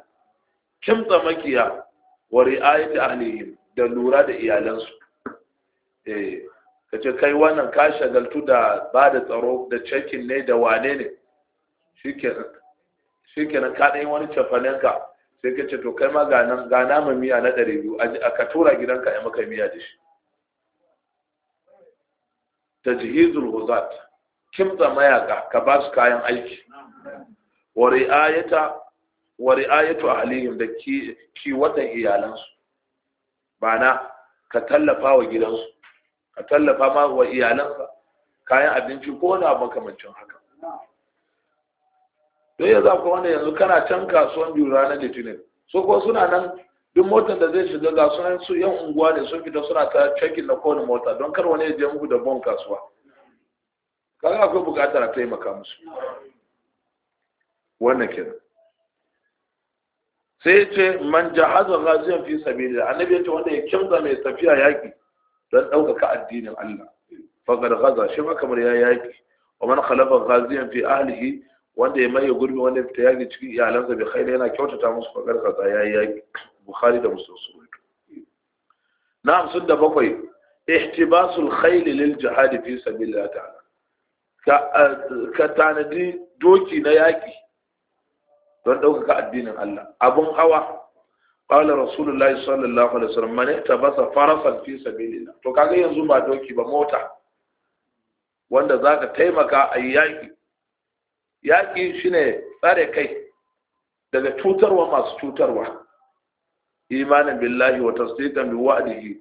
kimta makiya wa da ahlihim da lura da iyalansu eh ce kai wannan ka shagaltu da ba da tsaro da cekin ne da wane ne shikenan shikenan ka dai wani cefanenka, sai ka ce to kai ma ga nan miya na ɗari biyu a ka tura gidanka ai maka miya da shi tajhizul wuzat kimta mayaka ka ba su kayan aiki wa ri'ayata wa ri'ayatu ahlihim da ki watan iyalansu bana ka tallafa wa gidansu ka tallafa ma wa iyalansa kayan abinci ko wani makamancin haka don yanzu akwai wanda yanzu kana can kasuwan jura na litinin so ko suna nan duk motar da zai shiga ga sunan su yan unguwa ne sun fita suna ta cekin na kowane mota don kar wani ya je muku da bon kasuwa kaga akwai bukatar a taimaka musu wannan kenan sai ya ce man jahaza ghaziyan fi da annabi yace wanda ya kimza mai tafiya yaki don ɗaukaka addinin Allah faqad ghaza shi ma kamar ya yaki wa man khalafa ghaziyan fi ahlihi wanda ya maye gurbi wanda ya fita yaki cikin iyalansa bai khaira yana kyautata musu faqad ghaza ya yaki bukhari da muslim su rubuta na hamsin da bakwai ihtibasul khayli lil jihad fi sabilillah ta'ala eh, ka tanadi doki na yaki don ɗaukaka addinin Allah abun hawa qala rasulullahi sallallahu alaihi wasallam man ihtabasa farasan fi sabilillah to kaga yanzu ba doki ba mota wanda zaka taimaka a yaki yaki shine tsare kai daga cutarwa masu cutarwa imanin billahi wa tasdiqan bi wa'dihi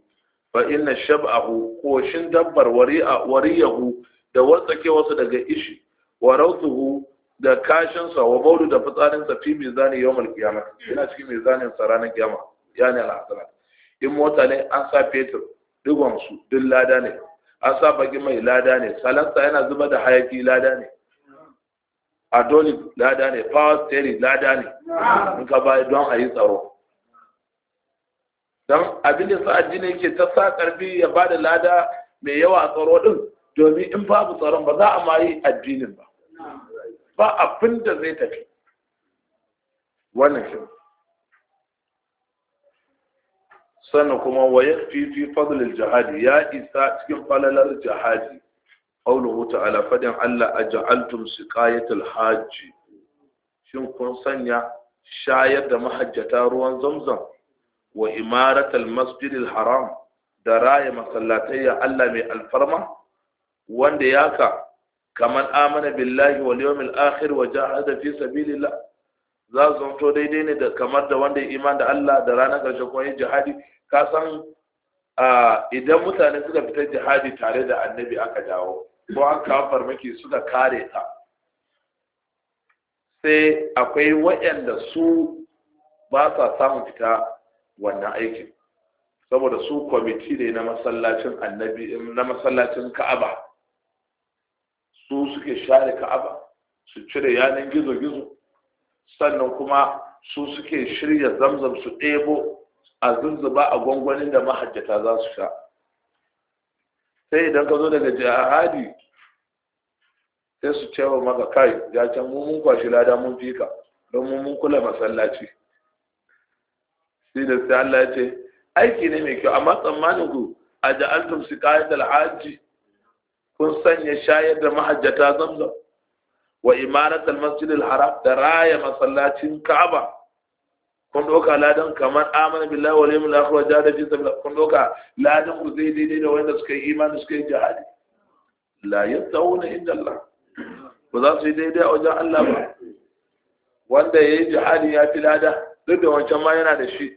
fa inna shab'ahu koshin dabbar wari'a wariyahu da watsake wasu daga ishi wa rawtuhu da kashin sa wa da fitsarin sa fi mizani yawmal qiyamah yana cikin mizanin sa ranar kiyama yani al-hasana in mota ne an sa fetur digon su din lada ne an sa baki mai lada ne salansa yana zuba da hayaki lada ne adolin lada ne power steering lada ne in ka baya don a yi tsaro don abin da sa addini yake ta sa karfi ya ba da lada mai yawa a tsaro din domin in babu tsaron ba za a ma addinin ba ba abin da zai tafi wannan shi sannan kuma wayar fifi fadlil jihadi ya isa cikin falalar jihadi qawluhu ta'ala fadin Allah su siqayatul hajji shin kun sanya shayar da mahajjata ruwan zamzam wa imaratul masjidil haram da raya masallatai Allah mai alfarma wanda yaka kamar amana billahi wal yawmil akhir wa jahada fi sabilillah za su zanto daidai ne da kamar da wanda ya iman da Allah da ranar karshe kuma ya jihadi ka san idan mutane suka fitar jihadi tare da annabi aka dawo ko an kawo farmaki suka kare ta sai akwai wa'yanda su ba sa samun fita wannan aiki saboda su kwamiti ne na masallacin annabi na masallacin ka'aba su suke share ka'aba su cire yanin gizo-gizo sannan kuma su suke shirya zamzam su ɗebo a zunzuba a gwangwanin da mahajjata za su sha sai idan ka zo daga jihadi sai su cewa maka kai ya can mun kwashi lada mun fika don mun kula masallaci sai da sai Allah ya ce aiki ne mai kyau amma tsammanin ku a ja'altum siqayat al-hajj kun sanya shayar da mahajjata zamzam wa imarat al-masjid haram da raya masallacin Ka'aba kun doka ladan kamar amana billahi wa yawmil akhir wa jahada fi sabilillah kun doka ladan ku zai daidai da wanda suka yi imani suka yi jihadi la yatawuna inda Allah ba za su yi daidai a wajen Allah ba wanda ya yi jihadi ya fi lada duk da wancan ma yana da shi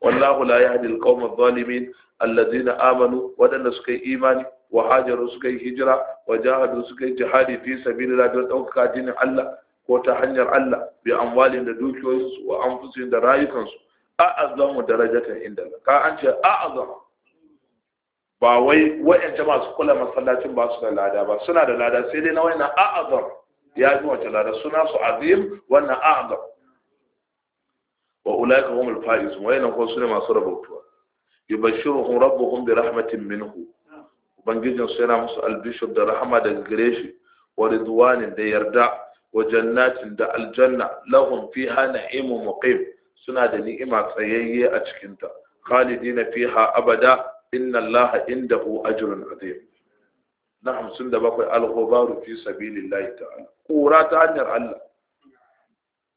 wallahu la yahdi alqawma adh-dhalimin alladhina amanu wadanda suka yi imani wa hajaru suka yi hijira wa jahadu suka yi jihadi fi sabilillah don dauka dinin Allah ko ta hanyar Allah bi amwalin da dukiyoyinsu wa anfusihim da rayukansu a'azamu darajatan inda ka an ce a'azam ba wai wa'yance masu kula masallacin ba su da lada ba suna da lada sai dai na wayannan a'azam ya ji wace lada suna su azim wannan a'azam wa ulaika humul faizun wayannan ko su ne masu rabautuwa yubashshiruhum rabbuhum bi rahmatin minhu ubangijin su yana musu albishir da rahama daga gare shi wa ridwanin da yarda wa jannatin da aljanna lahum fiha Na'imu muqim suna da ni'ima tsayayye a cikinta khalidina fiha abada inna allaha indahu ajrun azim na 57 al fi sabilillahi ta'ala kura ta hanyar Allah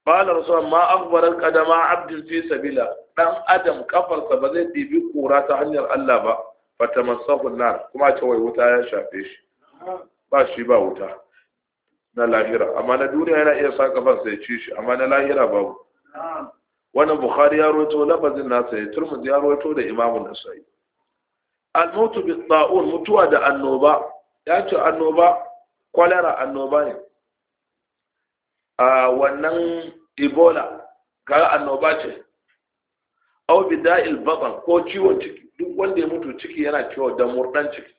qala rasul ma akhbara kadama abdin fi sabila dan adam kafarsa ba zai ɗibi kura ta hanyar Allah ba fatamassahu nar kuma ta wai wuta ya shafe shi ba shi ba wuta na lahira amma na duniya yana iya sa kafar sai ci shi amma na lahira babu wannan bukhari ya roto lafazin nasa ya turmudi ya roto da imamu nasai al-mautu bi ta'un mutuwa da annoba ya ce annoba kwalara annoba ne wannan ebola ga annoba ce au bida'il babal ko ciwon ciki duk wanda ya mutu ciki yana ciwo da murdan ciki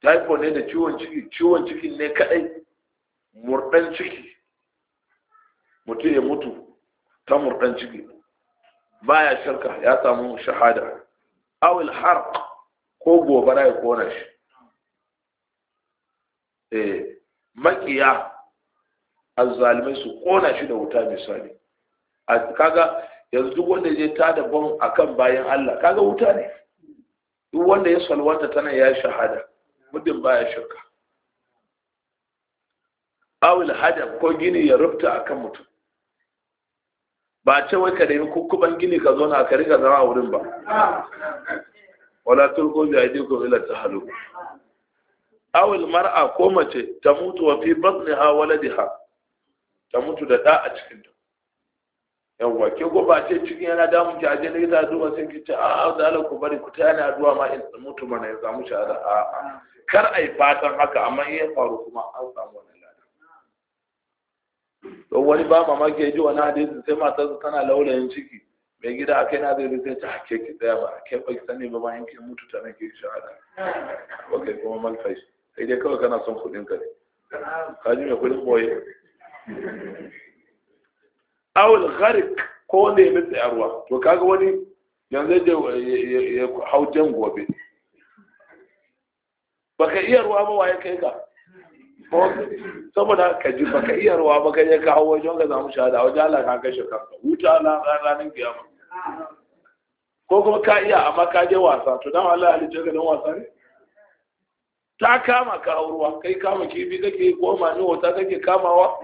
typhoid ne da ciwon ciki ciwon ciki ne kadai murdan ciki mutum ya mutu ta murdan ciki baya shirka ya samu shahada awil harq ko gobara ya kona shi eh makiya azzalimai su kona shi da wuta misali a kaga yanzu duk wanda ya ta da bom akan bayan Allah kaga wuta ne duk wanda ya salwata tana ya shahada muddin baya shirka awil hadab ko gini ya rubta akan mutum ba ce wai ka nemi kukkuban gini ka zo na ka riga zama a wurin ba wala turko bi aidikum ila tahaluk awil mar'a ko mace ta mutu wa fi batniha waladiha ta mutu da ɗa a cikin ta yawwa ke ko ba ce cikin yana damun ki aje likita duba sai ki ce a'a da Allah ku bari ku ta yana zuwa ma in mutu mana ya samu shahada a'a kar ai fatan haka amma in ya faru kuma an samu wannan ladan to wani ba mamaki ya ji wani hadisi sai matar tana laulayin ciki mai gida akai na zai rufe ta hake ki tsaya ba ke ba ki sani ba bayan ki mutu ta nake shahada ba kai kuma malfashi sai dai kawai kana son kuɗin ka ne ka ji mai kudin boye awul gharik ko wanda ya nutse to kaga wani yanzu da ya hau jan gobe baka iya ruwa ba waye kai ka saboda ka ji baka iya ruwa ba kai ka hau wajen ka samu shahada wajen Allah ka kashe kanka huta na ranar kiyama ko kuma ka iya amma ka je wasa to dan Allah ya ce ka dan wasa ne ta kama ka ruwa kai kama kifi kake ko mani wata kake kamawa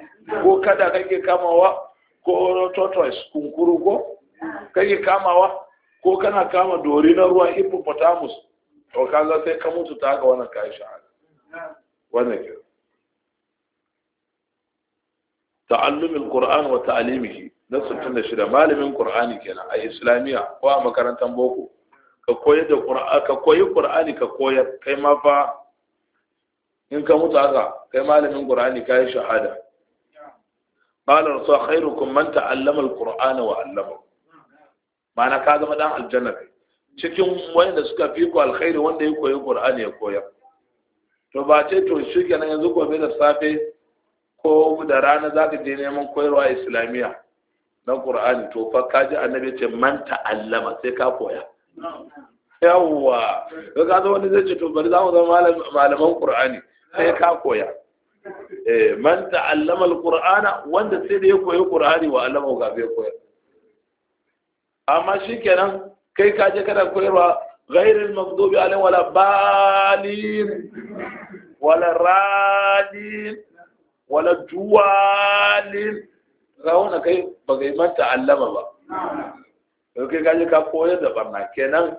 ko kada kake kamawa ko tortoise kunkuru ko kake kamawa ko kana kama dori na ruwa hippopotamus to kaga sai ka mutu ta haka wannan kai shahada wannan ke ta'allumin alquran wa ta'limihi na 66 malamin qur'ani kenan a islamiya ko a makarantar boko ka koyar da qur'ani ka koyi qur'ani ka koyar kai ma fa in ka mutu haka kai malamin qur'ani kai shahada qala rasul khairukum man ta'allama alqur'ana wa 'allama mana ka zama dan aljanna cikin wanda suka fi ku alkhairi wanda ya koyi qur'ani ya koya to ba ce to shi kenan yanzu gobe da safe ko da rana za ka je neman koyarwa islamiyya na ƙur'ani to fa ka ji annabi ce man ta'allama sai ka koya yawwa to ka wani zai ce to bari za mu zama malaman ƙur'ani sai ka koya eh, man ta'allama alqur'ana wanda sai da ya koyi qur'ani wa allama ga bai koya amma shikenan kai ka je kana koyarwa ghairil maghdubi alaihim wala balin wala radin wala duwalin rauna kai ba ga man ta'allama ba kai ka je ka koyar da barna kenan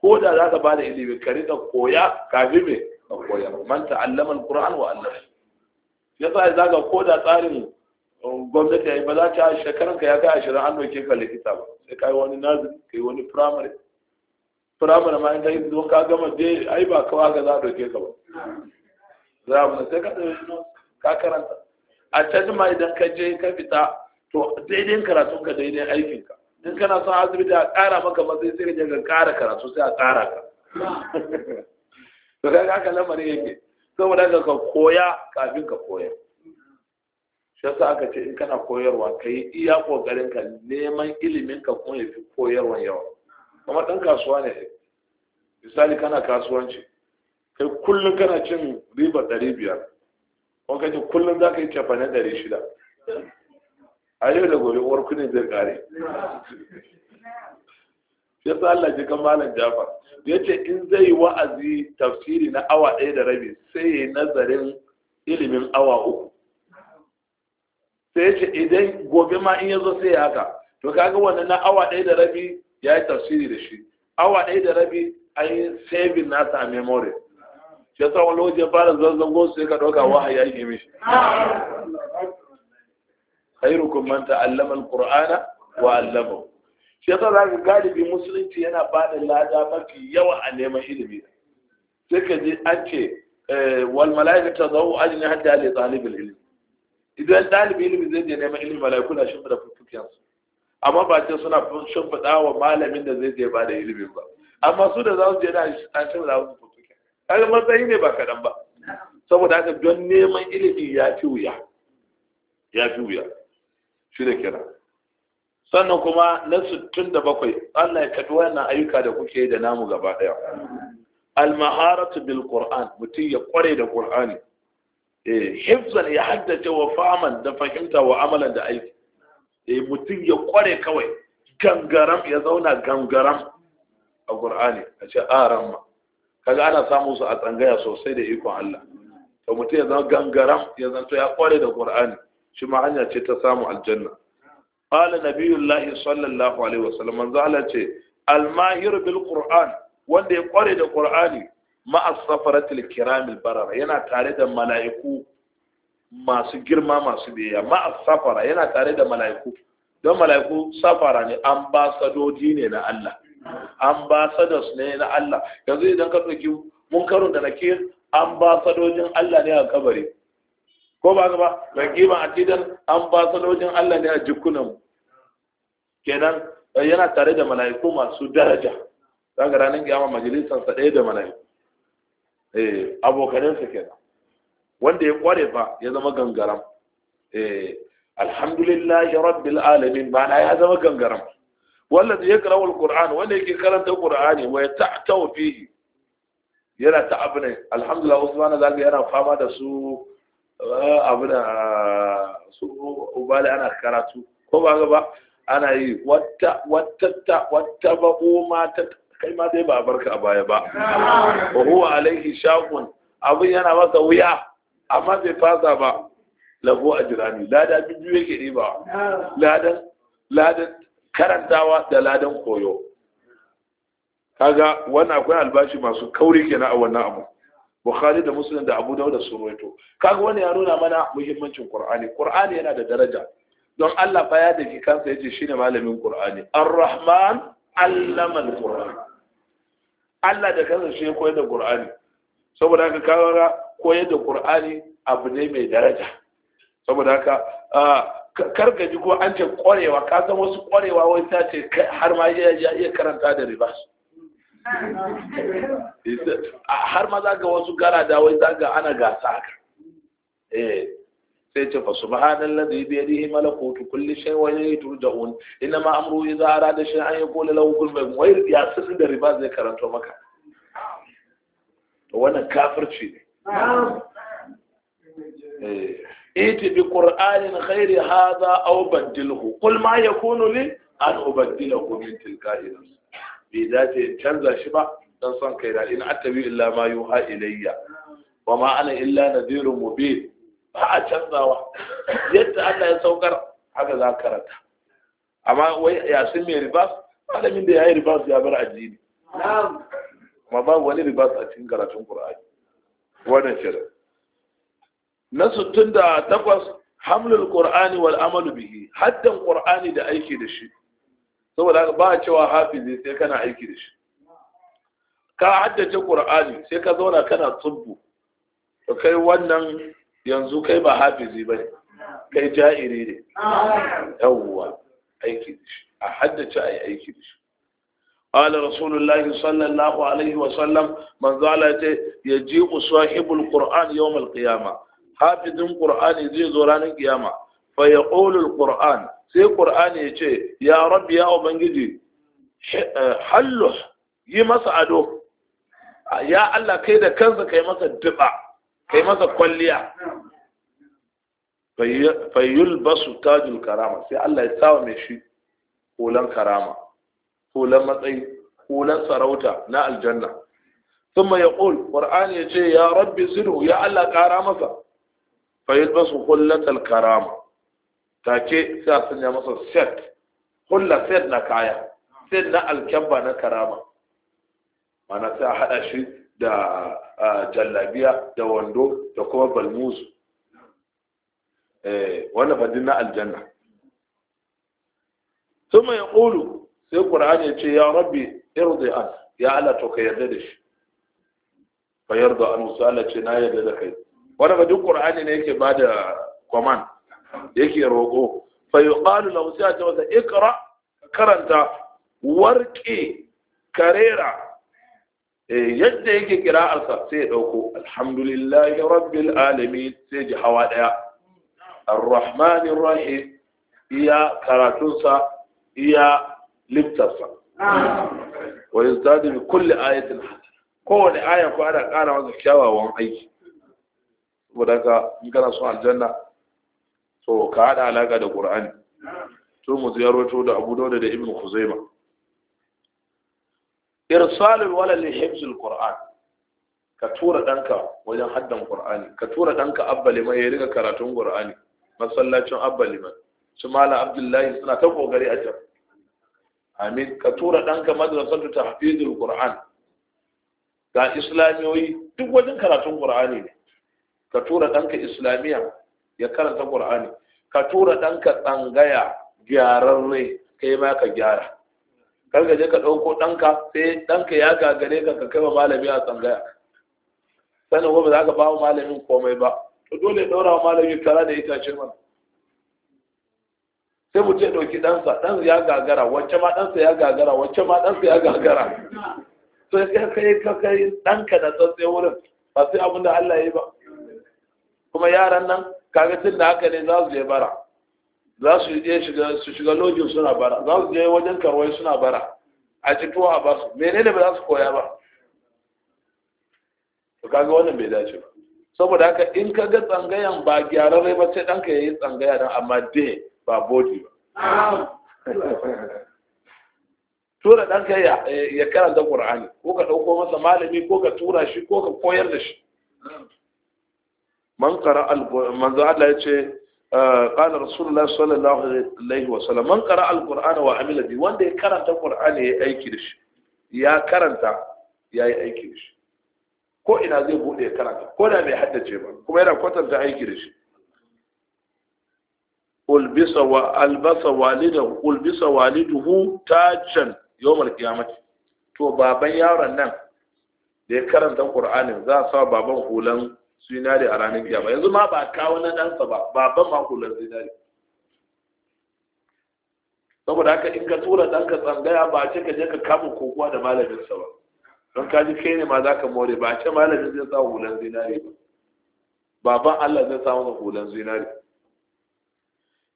ko da za ka ba da ilimi ka rika koya kafin me a koya man ta'allama alquran wa allama yasa ya zaga ko da tsarin gwamnati yayi ba za ta shekaran ka ya kai ashirin an doke ka likita ba sai kai wani naziri kai wani primary primary ma in kai zo ka gama je ai ba kawa ga za doke ka ba za mu sai ka ka karanta a can ma idan ka je ka fita to daidai karatun ka daidai aikin ka in kana son asibiti a ƙara maka matsayi sai ka je ka ƙara karatu sai a ƙara ka to kaga haka lamarin yake saboda ka ka koya kafin ka koya. shi yasa aka ce in kana koyarwa ka yi iya kokarin ka neman ilimin ka kuma yafi koyarwa yawa kuma dan kasuwa ne misali kana kasuwanci kai kullum kana cin riba ɗari biyar kuma kace kullum za ka yi cefane ɗari shida a yau da gobe uwar kudin zai kare ya sa Allah ji kan malam Jafar ya ce in zai wa'azi tafsiri na awa ɗaya da rabi sai ya nazarin ilimin awa uku sai ya ce idan gobe ma in ya zo sai ya haka to kaga wannan na awa ɗaya da rabi ya yi tafsiri da shi awa ɗaya da rabi an yi saving nasa a memory ya sa wani lokaci fara zanzango su ya ka ɗauka wahayi ya mishi khairukum man ta'allama al-qur'ana wa 'allamahu shi yasa za ka galibi musulunci yana ba da lada mafi yawa a neman ilimi sai ka ji an ce eh, wal mala'ika ta zau ajin ya hadda ala talibul ilimi idan dalibi ilimi zai je neman ilimi mala'iku na shimfa da fufukiyansu amma ba ce suna shimfiɗa wa malamin da zai je ba da ba amma su da za su je na an da wasu fufukiyan kaga matsayi ne ba kaɗan ba saboda haka don neman ilimi ya fi wuya ya fi wuya shi da kenan sannan kuma na bakwai, Allah ya kaɗi wannan ayyuka da kuke da namu gaba ɗaya al-maharatu bil qur'an mutum ya kware da qur'ani eh, hifzan ya haddace wa faman da fahimta wa amalan da aiki eh, mutum ya kware kawai gangaram ya zauna gangaram a qur'ani a ce aran ma kaga ana samun su a tsangaya sosai da ikon Allah to mutum ya zama gangaram ya zanto ya kware da qur'ani shi ma hanya ce ta samu aljanna qala nabiyullahi sallallahu alaihi ce al bil qur'an wanda ya kware da qur'ani ma as-safaratil barara yana tare da mala'iku masu girma masu biyayya ma safara yana tare da mala'iku don mala'iku safara ne ambasadoji ne na Allah ambassadors ne na Allah yanzu idan ka ɗauki mun karon da nake ambasadojin Allah ne a kabari ko ba ga ba a atidan an ba sojojin Allah ne a jikunan kenan eh, yana tare da mala'iku masu daraja daga ranar kiyama majalisar sa ɗaya da mala'iku eh abokanin sa kenan wanda ya kware fa ya zama gangaram eh alhamdulillahi rabbil alamin ba na ya zama gangaram wallazi yaqra'u alquran wanda yake karanta qur'ani wa ya ta'tawfi yana ta abne alhamdulillah usman zaka yana fama da su Ah, abu da su da ana karatu ko ba ga ba ana yi wata wata wata ba ma ta kai ma dai ba a barka a baya ba wa huwa alaihi shaqun abin yana masa wuya amma bai fasa ba a ajrani lada biyu yake ne ba ladan ladan karantawa da ladan koyo kaga wannan akwai albashi masu kauri kenan a wannan abu bukhari da muslim da abu dawud da surwaito kaga wani ya nuna mana muhimmancin qur'ani qur'ani yana da daraja don Allah fa ya dafi kansa yace shine malamin qur'ani ar-rahman allama al-qur'an Allah da kansa shi koyar da qur'ani saboda haka kaga koyar da qur'ani abu ne mai daraja saboda haka kar ji ko an ce kwarewa ka san wasu kwarewa wai ta ce har ma ya iya karanta da ribas har ma za ga wasu gara da wai za ga ana gasa haka eh sai ce fa subhanallazi bi yadihi malakutu kulli shay'in wa ilayhi turja'un inna ma amru idha arada shay'an yaqulu lahu kun fa wa ya sirri da riba zai karanto maka to wannan kafirci ne eh, iti bi qur'anin khairi hadha aw badilhu qul ma yakunu li an ubaddilahu min tilka nafsi bai dace canza shi ba don son kai da in attabi illa ma yuha ilayya wa ma ana illa nadhirun mubin ba a canzawa yadda Allah ya saukar haka za karanta amma wai sun mai ribas malamin da ya yi ribas ya bar ajini amma ba wani ribas a cikin karatun Qur'ani wannan shirin na takwas, hamlul qur'ani wal amalu bihi haddan qur'ani da aiki da shi saboda ba cewa hafizi sai kana aiki da shi ka haddace qur'ani sai ka zauna kana tsubbu kai wannan yanzu kai ba hafizi ba kai ja'iri ne yawwa aiki da shi a haddace a yi aiki da shi قال رسول الله صلى الله عليه وسلم من ذلك يجيء صاحب القرآن يوم القيامة حافظ القرآن زي زوران القيامة فيقول القرآن sai qur'ani ya ce ya rabbi ya ubangiji eh, hallu yi masa ado ya Allah kai da kansa kai masa duba kai masa kwalliya fayyul basu tajul karama sai Allah ya sawa mai shi hulan karama hulan matsayi hulan sarauta na aljanna sun mai yaƙul ƙur'ani ya ce ya rabbi zidu ya Allah ƙara masa fayyul basu hullatal karama take sai a sanya masa set hula set na kaya set na alkyamba na karama mana sai a haɗa shi da jallabiya da wando da kuma balmuzu eh, wanda fadin na aljanna sun mai ƙulu sai ƙura'an ya ce ya rabbi irzi an ya ala to ka yarda da shi ka yarda an wasu ala ce na yarda da kai wanda fadin ƙura'an ne yake ba da command yake roƙo fa yuqalu na sai a ce masa ikra karanta warke karera eh, yadda yake kira kira'arsa sai ya ɗauko alhamdulillahi rabbil alami sai ji hawa ɗaya arrahmanir rahim iya karatunsa iya liftarsa wa yazdadu bi kulle ayatun kowane aya ko ana ƙara masa kyawawan aiki saboda ka in kana aljanna To ka haɗa alaƙa da ƙur'ani mu ya roto da abu dauda da ibn khuzaima irsalul walal li hifzil qur'an ka tura danka wajen haddan qur'ani ka tura danka abba liman ya riga karatun qur'ani masallacin abba liman su mala abdullahi suna ta kokari a can amin ka tura danka ta tahfizul qur'an ga islamiyoyi duk wajen karatun qur'ani ne ka tura danka islamiya ya karanta qur'ani ka tura danka tsangaya gyararre kai ma ka gyara kar ka je ka ɗauko danka sai danka ya gagare ka ka kai wa malami a tsangaya sannan ba za ka ba wa malamin komai ba to dole ya ɗaura wa malami kara da ce mana sai mu je ɗauki dansa, dan ya gagara wacce ma dansa ya gagara wacce ma dansa ya gagara sai ka kai ka kai danka da tsantsi wurin ba sai abin da Allah ya yi ba kuma yaran nan kaga tun da haka ne za su je bara za su je shiga su shiga lojin suna bara za su je wajen karwai suna bara a cikin a basu menene ba za su koya ba to kaga wannan bai dace ba saboda haka in ka ga tsangayan ba gyararre ba sai ɗanka ya yi tsangaya don amma dai ba bodi ba tura ɗanka ya karanta ƙur'ani ko ka ɗauko masa malami ko ka tura shi ko ka koyar da shi man qara manzo Allah yace ah, qala rasulullahi sallallahu alaihi wa sallam man qara alqur'ana wa amila bi wanda ya karanta qur'ani ya aiki da shi ya karanta ya yi aiki da shi ko ina zai bude ya karanta ko da bai haddace ba kuma yana kwatanta aiki da shi ulbisa wa albasa walidahu ulbisa waliduhu tajan yawmal qiyamati to baban yaron nan da ya karanta qur'ani za a sa baban hulan zinari a ranar kiyama yanzu ma ba kawo na ɗansa ba baban ma hular zinari saboda haka in ka tura ɗanka tsangaya ba ce ka je ka kama kokowa da malaminsa ba don ka ji kai ne ma za ka more ba ce malamin zai sa hulan zinari ba baban allah zai sa masa hular zinari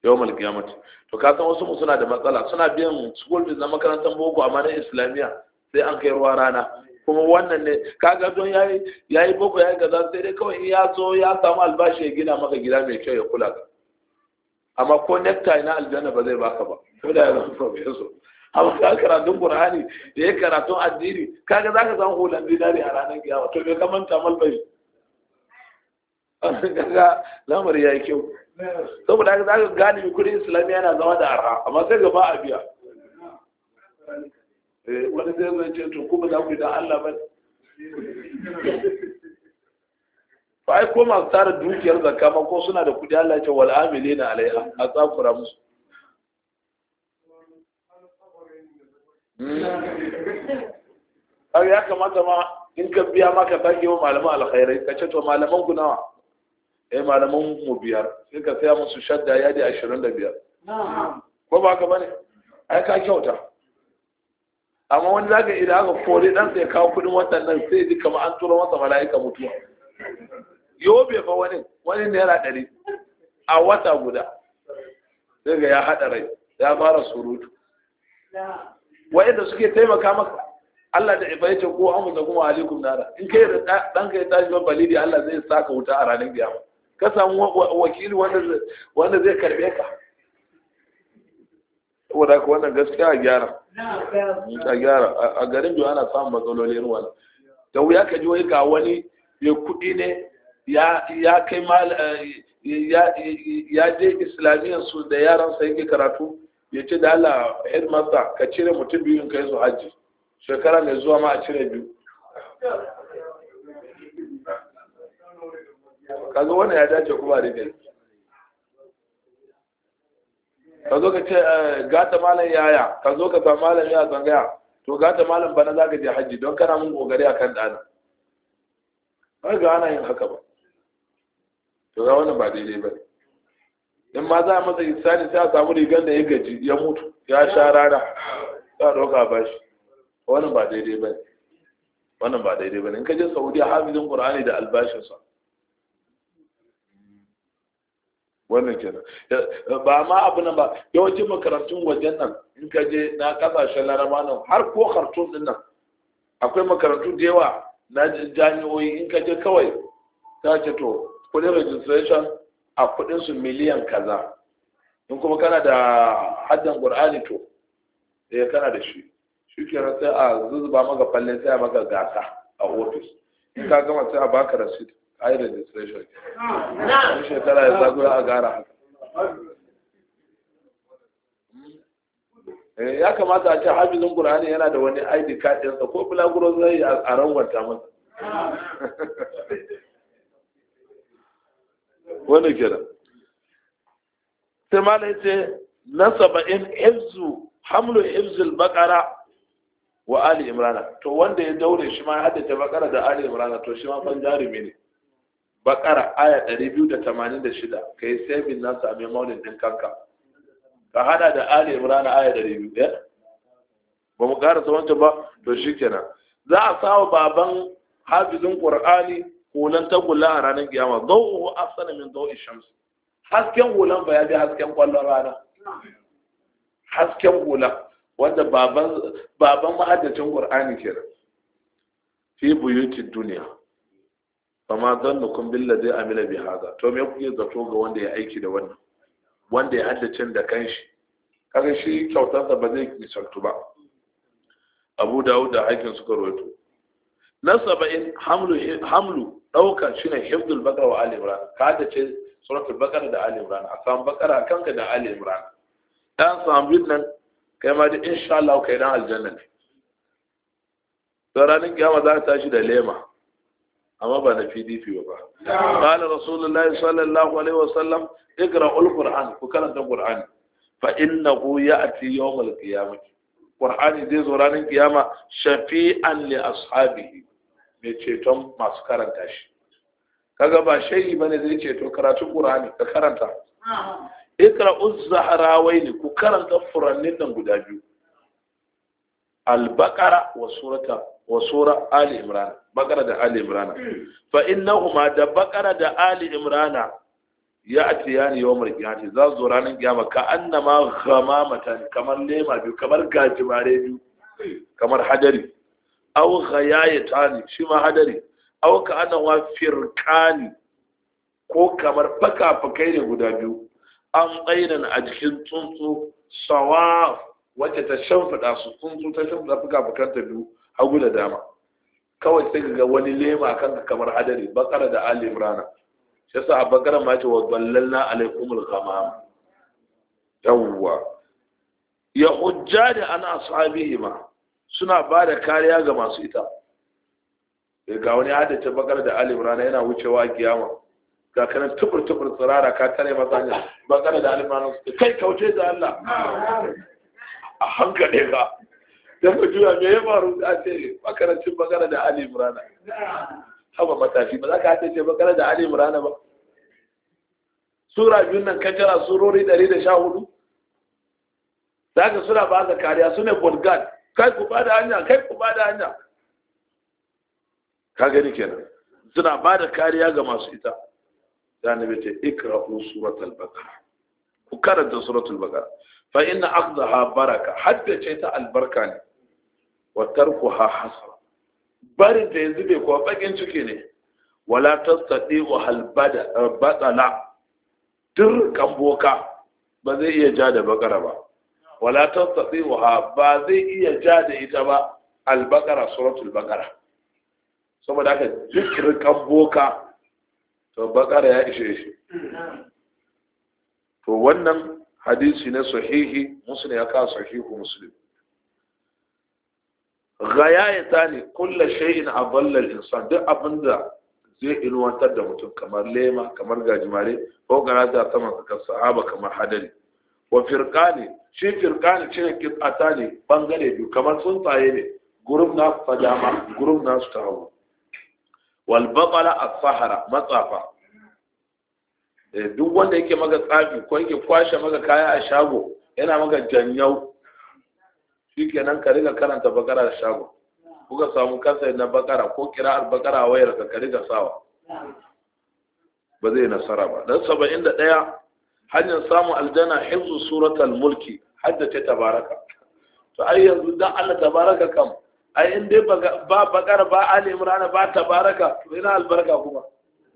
yawmal kiyamati to ka san wasu suna da matsala suna biyan school fees na makarantar boko amma na islamiya sai an kai ruwa rana kuma wannan ne kaga don yayi yayi boko yayi gaza sai dai kawai ya zo ya samu albashi ya gina maka gida mai kyau ya kula ka amma ko nekta na aljanna ba zai baka ba ko da ya zama professor amma ka karatun qur'ani da ya karatun addini kaga zaka samu hulan dinari a ranar kiyama to bai kamanta malbai kaga lamari yayi kyau saboda haka zaka gane kudin islamiyya yana zama da arha amma sai gaba a biya Eh, wani zai zai ce to kuma za ku yi don Allah ba fa ai ko masu tara dukiyar zakka ma ko suna da kudi Allah ya ce wal amilina alaiha a tsakura musu Har hmm. ya kamata ma in ka biya ma ka sake wa malaman alkhairai ka ce to malaman ku nawa eh malaman mu biyar sai ka saya musu shadda yadi ashirin da biyar ko ba ka bane ai ka kyauta amma wani za ka idan aka kore dan sai kawo kudin watan nan sai ji kamar an tura masa mala'ika mutuwa yobe fa wani wani naira ɗari a wata guda sai ga ya haɗa rai ya fara surutu wa'inda suke taimaka maka Allah da ifa yace ko an musa kuma alaikum nara in kai da dan kai tashi ban balidi Allah zai saka wuta a ranar kiyama ka samu wakili wanda zai karbe ka saboda haka wannan gaskiya a gyara a gyara a garin biyu ana samun matsaloli irin wannan da wuya ka ji wai ga wani ya kudi ne ya kai eh, ya je islamiyyar su da yaran sa yake karatu ya ce da Allah headmaster ka cire mutum biyun kai su hajji shekara mai zuwa ma a cire biyu kaga wannan ya dace kuma da gaske ka zo ka ce eh, gata malam yaya ka zo ka ba malam yaya tsangaya to gata malam bana za ka je hajji don kana mun kokari a kan ɗana har ga ana yin haka ba to ga wannan ba daidai ba ne in ma za a masa isani sai a samu rigar da ya gaji ya mutu ya sha rana za a ɗauka ba shi wannan ba daidai ba ne wannan ba daidai ba ne in ka je saudiya hafizin qur'ani da albashinsa wannan kenan eh, ba ma abu nan ba yawancin makarantun wajen nan in ka je na kasashen laraba nan har ko khartoum din nan akwai makarantu da yawa na jami'o'i in ka je kawai ta ce to kudin registration a kudin su miliyan kaza in kuma kana da haddan qur'ani to eh kana da shi shi ke sai a zuzuba maka falle sai a maka gasa a ofis in ka gama sai a baka receipt ai registration ne shekara ya zagura a gara haka eh, ya kamata a ce hafizin qur'ani yana da wani id card ɗinsa ko bulaguro zai yi a ranwanta masa wani kira sai malai ce na saba'in hifzu hamlu hifzul bakara wa ali imrana to wanda ya daure shi ma haddace bakara da ali imrana to shi ma ban jarumi ne bakara aya 286 ka yi nan sa mai maulin din kanka ka hada da ali imran aya 200 eh? ba mu ƙara wancan ba to shikenan za a sawo baban hafizin qur'ani hulan gulla a ranar kiyama zau'uhu afsana min zau'i shams hasken hulan ba ya bi hasken kwallon rana hasken hula wanda baban baban mahaddacin qur'ani kenan fi buyutin duniya fa ma zannukum billazi amila bi haza to me kuke zato ga wanda ya aiki da wannan wanda ya haddace da kanshi kaga shi kyautarsa ba zai misaltu ba abu dawud da aikin suka rawaito na saba'in hamlu hamlu dauka shine hifdul bakara wa ali imran ka haddace suratul bakara da ali imran a san bakara kanka da ali imran dan san nan kai ma da insha Allah kai dan aljanna ne ranar kiyama za ta tashi da lema amma ba da pdp ba qala rasulullahi sallallahu alaihi wasallam iqra'ul qur'an ku karanta qur'ani fa innahu ya'ti yawmal qiyamah qur'ani zai zo ranar kiyama shafi'an li ashabihi mai ceton masu karanta shi kaga ba shayi bane zai ceto karatu qur'ani ka karanta iqra'uz ne ku karanta furannin nan guda biyu al-baqara wa surata wa sura ali imran bakara da ali imran fa innahuma da bakara da ali imran ya yani yawmul qiyamati za su ranar kiyama ka annama ghamamatan kamar lema biyu kamar gajimare biyu kamar hadari aw ghayayatan shi ma hadari aw ka annama firqani ko kamar baka fakai ne guda biyu an tsainan a jikin tsuntsu sawa wacce ta shimfiɗa su tsuntsu ta shimfiɗa fuka-fukanta biyu hagu da dama kawai sai ga wani lema kanka kamar hadari bakara da ali imrana shi yasa a bakara ma ce wa ballalna alaikumul ghamam yawwa ya hujja da ana ashabihi ma suna ba da kariya ga masu ita eh, ga wani haddace bakara da ali imrana yana wucewa kiyama ga kana tubur tubur tsirara ka tare masa hanya bakar da ali imrana kai kauce da Allah a hankali ka da mu juya me ya faru a ce makarancin magana da Ali Imran haba matashi ba za ka haɗe ce magana da Ali Imran ba sura biyun nan kajara surori 114 za ka suna ba ka kariya su ne bodyguard kai ku bada hanya kai ku bada hanya ka gani kenan suna ba da kariya ga masu ita da nabi ce Ikra suratul baqara ku karanta suratul Bakara. fa inna aqdaha baraka hadda ce ta albarka ne wa tarkuha hasra Bari da yanzu bai kuwa bakin ciki ne wala tasadi wa halbada eh, batala dirkan boka ba zai iya ja da bakara ba wala tasadi wa ba zai iya ja da ita ba albakara suratul bakara saboda haka dirkan boka to bakara ya ishe shi to wannan hadisi ne sahihi muslim ya ka sahihu muslim gaya ya tani kulla shay'in a ballar insan duk da zai inuwantar da mutum kamar lema kamar gajimare ko garata sama ka sahaba kamar hadari wa firqani shi firqani shine qit'atani bangare biyu kamar tsuntsaye ne gurum na fadama gurum na su wal baqala as-sahara matsafa eh, duk wanda yake maka tsafi ko yake kwashe maka kaya a shago yana maka janyau shikenan ka riga karanta bakara da shago kuka samu kansa na bakara ko kira bakara wayar ka riga sawa ba zai nasara ba dan ɗaya, hanyar samun aljanna hizu suratul mulki haddace tabaraka to ai yanzu dan Allah tabaraka kam ai in dai ba bakara ba ali imran ba tabaraka to ina albarka kuma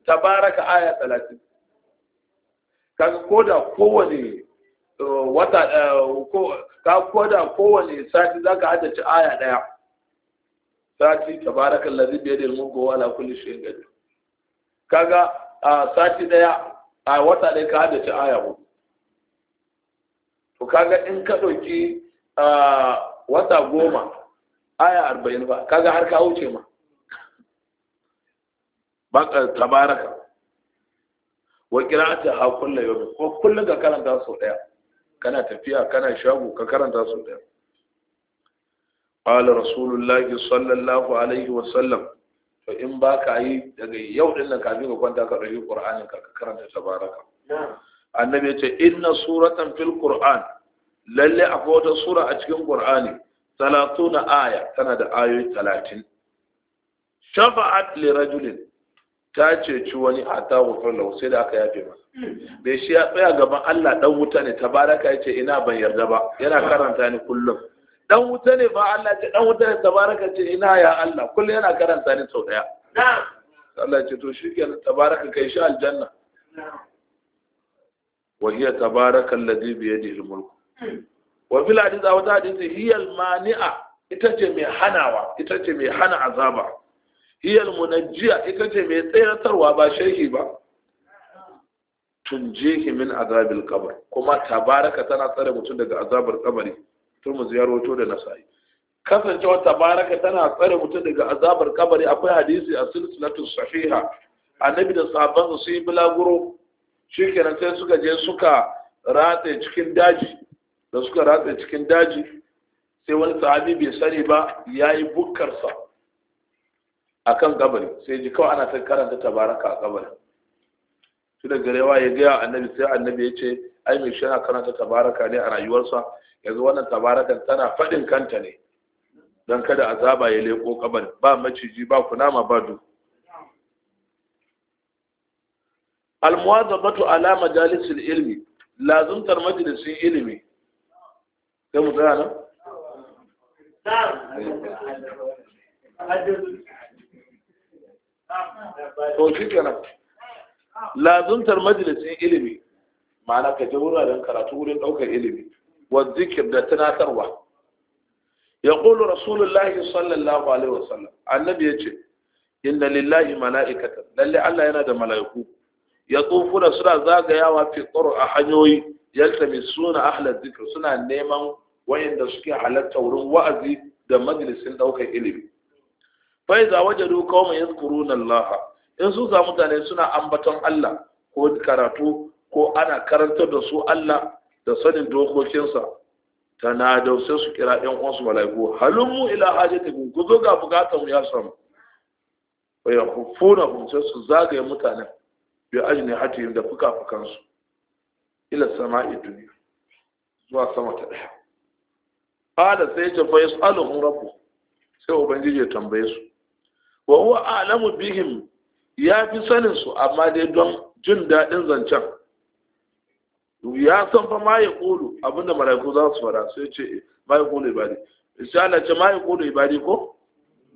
tabaraka aya 30 kaga koda kowane eh, wata eh, ko ka koda kowane sati za ka adace aya ɗaya sati tabarakan lazi biyar da ilmin wa ala kulli shi gadi kaga a sati ɗaya a wata ɗaya ka adace aya hudu to kaga in ka ɗauki a wata goma aya arba'in ba kaga har ka wuce ma baka tabaraka wa kira'ata ha kullu yawmin ko kullu ga karanta sau ɗaya kana tafiya kana shago ka karanta su ɗaya qala rasulullahi sallallahu alaihi wa sallam fa in ba ka yi daga yau din nan kafin ka kwanta ka ɗauki qur'anin ka karanta tabaraka annabi ya ce inna suratan fil qur'an lalle akwai wata sura a cikin qur'ani na aya tana da ayoyi talatin shafa'at li rajulin ta ceci wani a ta lau sai da aka yafe masa da shi ya tsaya gaban Allah dan wuta ne tabaraka yace ina ban yarda ba yana karanta ni kullum dan wuta ne ba Allah ce dan wuta ne tabaraka ce ina ya Allah kullum yana karanta ni sau daya Allah ce to shi kenan tabaraka kai shi aljanna wa hiya tabaraka alladhi bi yadihi mulk wa fil hadith aw hadith hiya almani'a ita ce mai hanawa ita ce mai hana azaba hiya almunajjiya ita ce mai tsayatarwa ba shehi ba tunjihi min azabil qabr kuma tabaraka tana tsare mutum daga azabar kabari turmuzi ya da nasa'i Kasancewa tabaraka tana tsare mutum daga azabar kabari akwai hadisi a silsilatu sahiha annabi da sahabban su yi bulaguro shikenan sai suka je suka rate cikin daji da suka ratse cikin daji sai wani sahabi bai sani ba yayi bukkarsa akan kabari sai ji kawai ana ta karanta tabaraka a shi da garewa ya gaya annabi sai annabi ya ce ai mai shi karanta tabaraka ne a rayuwarsa yanzu wannan tabarakan tana faɗin kanta ne don kada azaba ya leko kabar ba maciji ba kunama ba du almuwazabatu ala majalisil ilmi lazuntar majalisin ilimi sai mu tsaya nan to shi kenan lazuntar majalisin ilimi ma'ana ka je wuraren karatu wurin ɗaukar ilimi wa zikir da tunatarwa ya ƙulu rasulullahi sallallahu alaihi wasallam annabi ya ce inna lillahi mala'ikata lalle Allah yana da mala'iku ya tsofu da suna zagayawa fi tsoro a hanyoyi yaltami suna ahlar zikir suna neman wayanda suke halatta wurin wa'azi da majalisin ɗaukar ilimi fa iza wajadu qauman yadhkuruna Allah in su samu mutane suna ambaton Allah ko karatu ko ana karantar da su Allah da sanin dokokinsa tana da sai su kira ɗan uwansu mala'iku halummu ila hajatikum ku zo ga bukatar mu ya samu wa hufuna hum sai su zagaye mutanen bi ajni hatihim da fuka-fukansu ila sama'i duniya zuwa sama ta ɗaya Fada sai ta fa yas'aluhum rabbuh sai ubangiji ya tambaye su wa huwa a'lamu bihim ya fi sanin su amma dai don jin daɗin zancen ya san fa maye kulu abinda mala'iku za su fara sai ce eh, maye ya kulu ibadi sai Allah ce ma kulu ibadi ko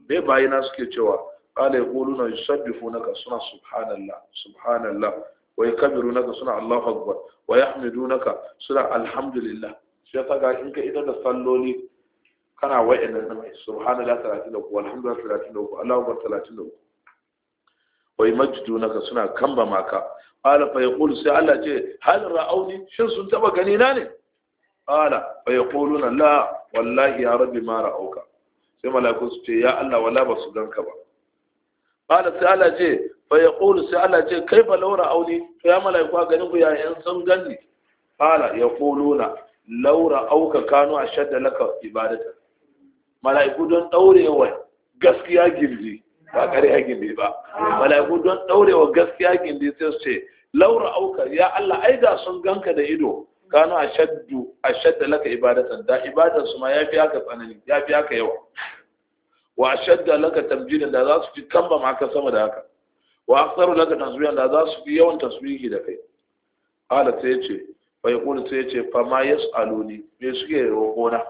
bai bayina suke cewa qala yaquluna naka suna subhanallah subhanallah wa naka suna Allahu akbar wa naka suna alhamdulillah sai ka ga in ka ita da salloli kana da mai subhanallah 33 walhamdulillah 33 allah akbar 33 wai na ka suna kamba maka ala fa kulu sai Allah ce hal ra'auni shin sun taba gani na ne ala fa na la wallahi ya rabbi ma ra'auka sai malaiku su ce ya Allah wala ba su ganka ba ala sai Allah ce fa kulu sai Allah ce fa laura auni? to ya malaiku ganin ku ya yan sun ganni qala yaquluna law ra'auka kanu shadda laka ibadata. malaiku don daurewa gaskiya girji ba ƙarya gindi ba mala'iku don ɗaurewa gaskiya gindi sai su ce laura auka ya Allah ai ga sun ganka da ido kana a shaddu a shadda laka ibadatan da ibadar su ma yafi haka tsanani yafi haka yawa wa shadda laka tamjidin da za su fi kamba ma ka sama da haka wa aktharu laka tasbihan da za su fi yawan tasbihi da kai ala sai ce fa yaqulu sai ce fa ma yasaluni me suke roƙona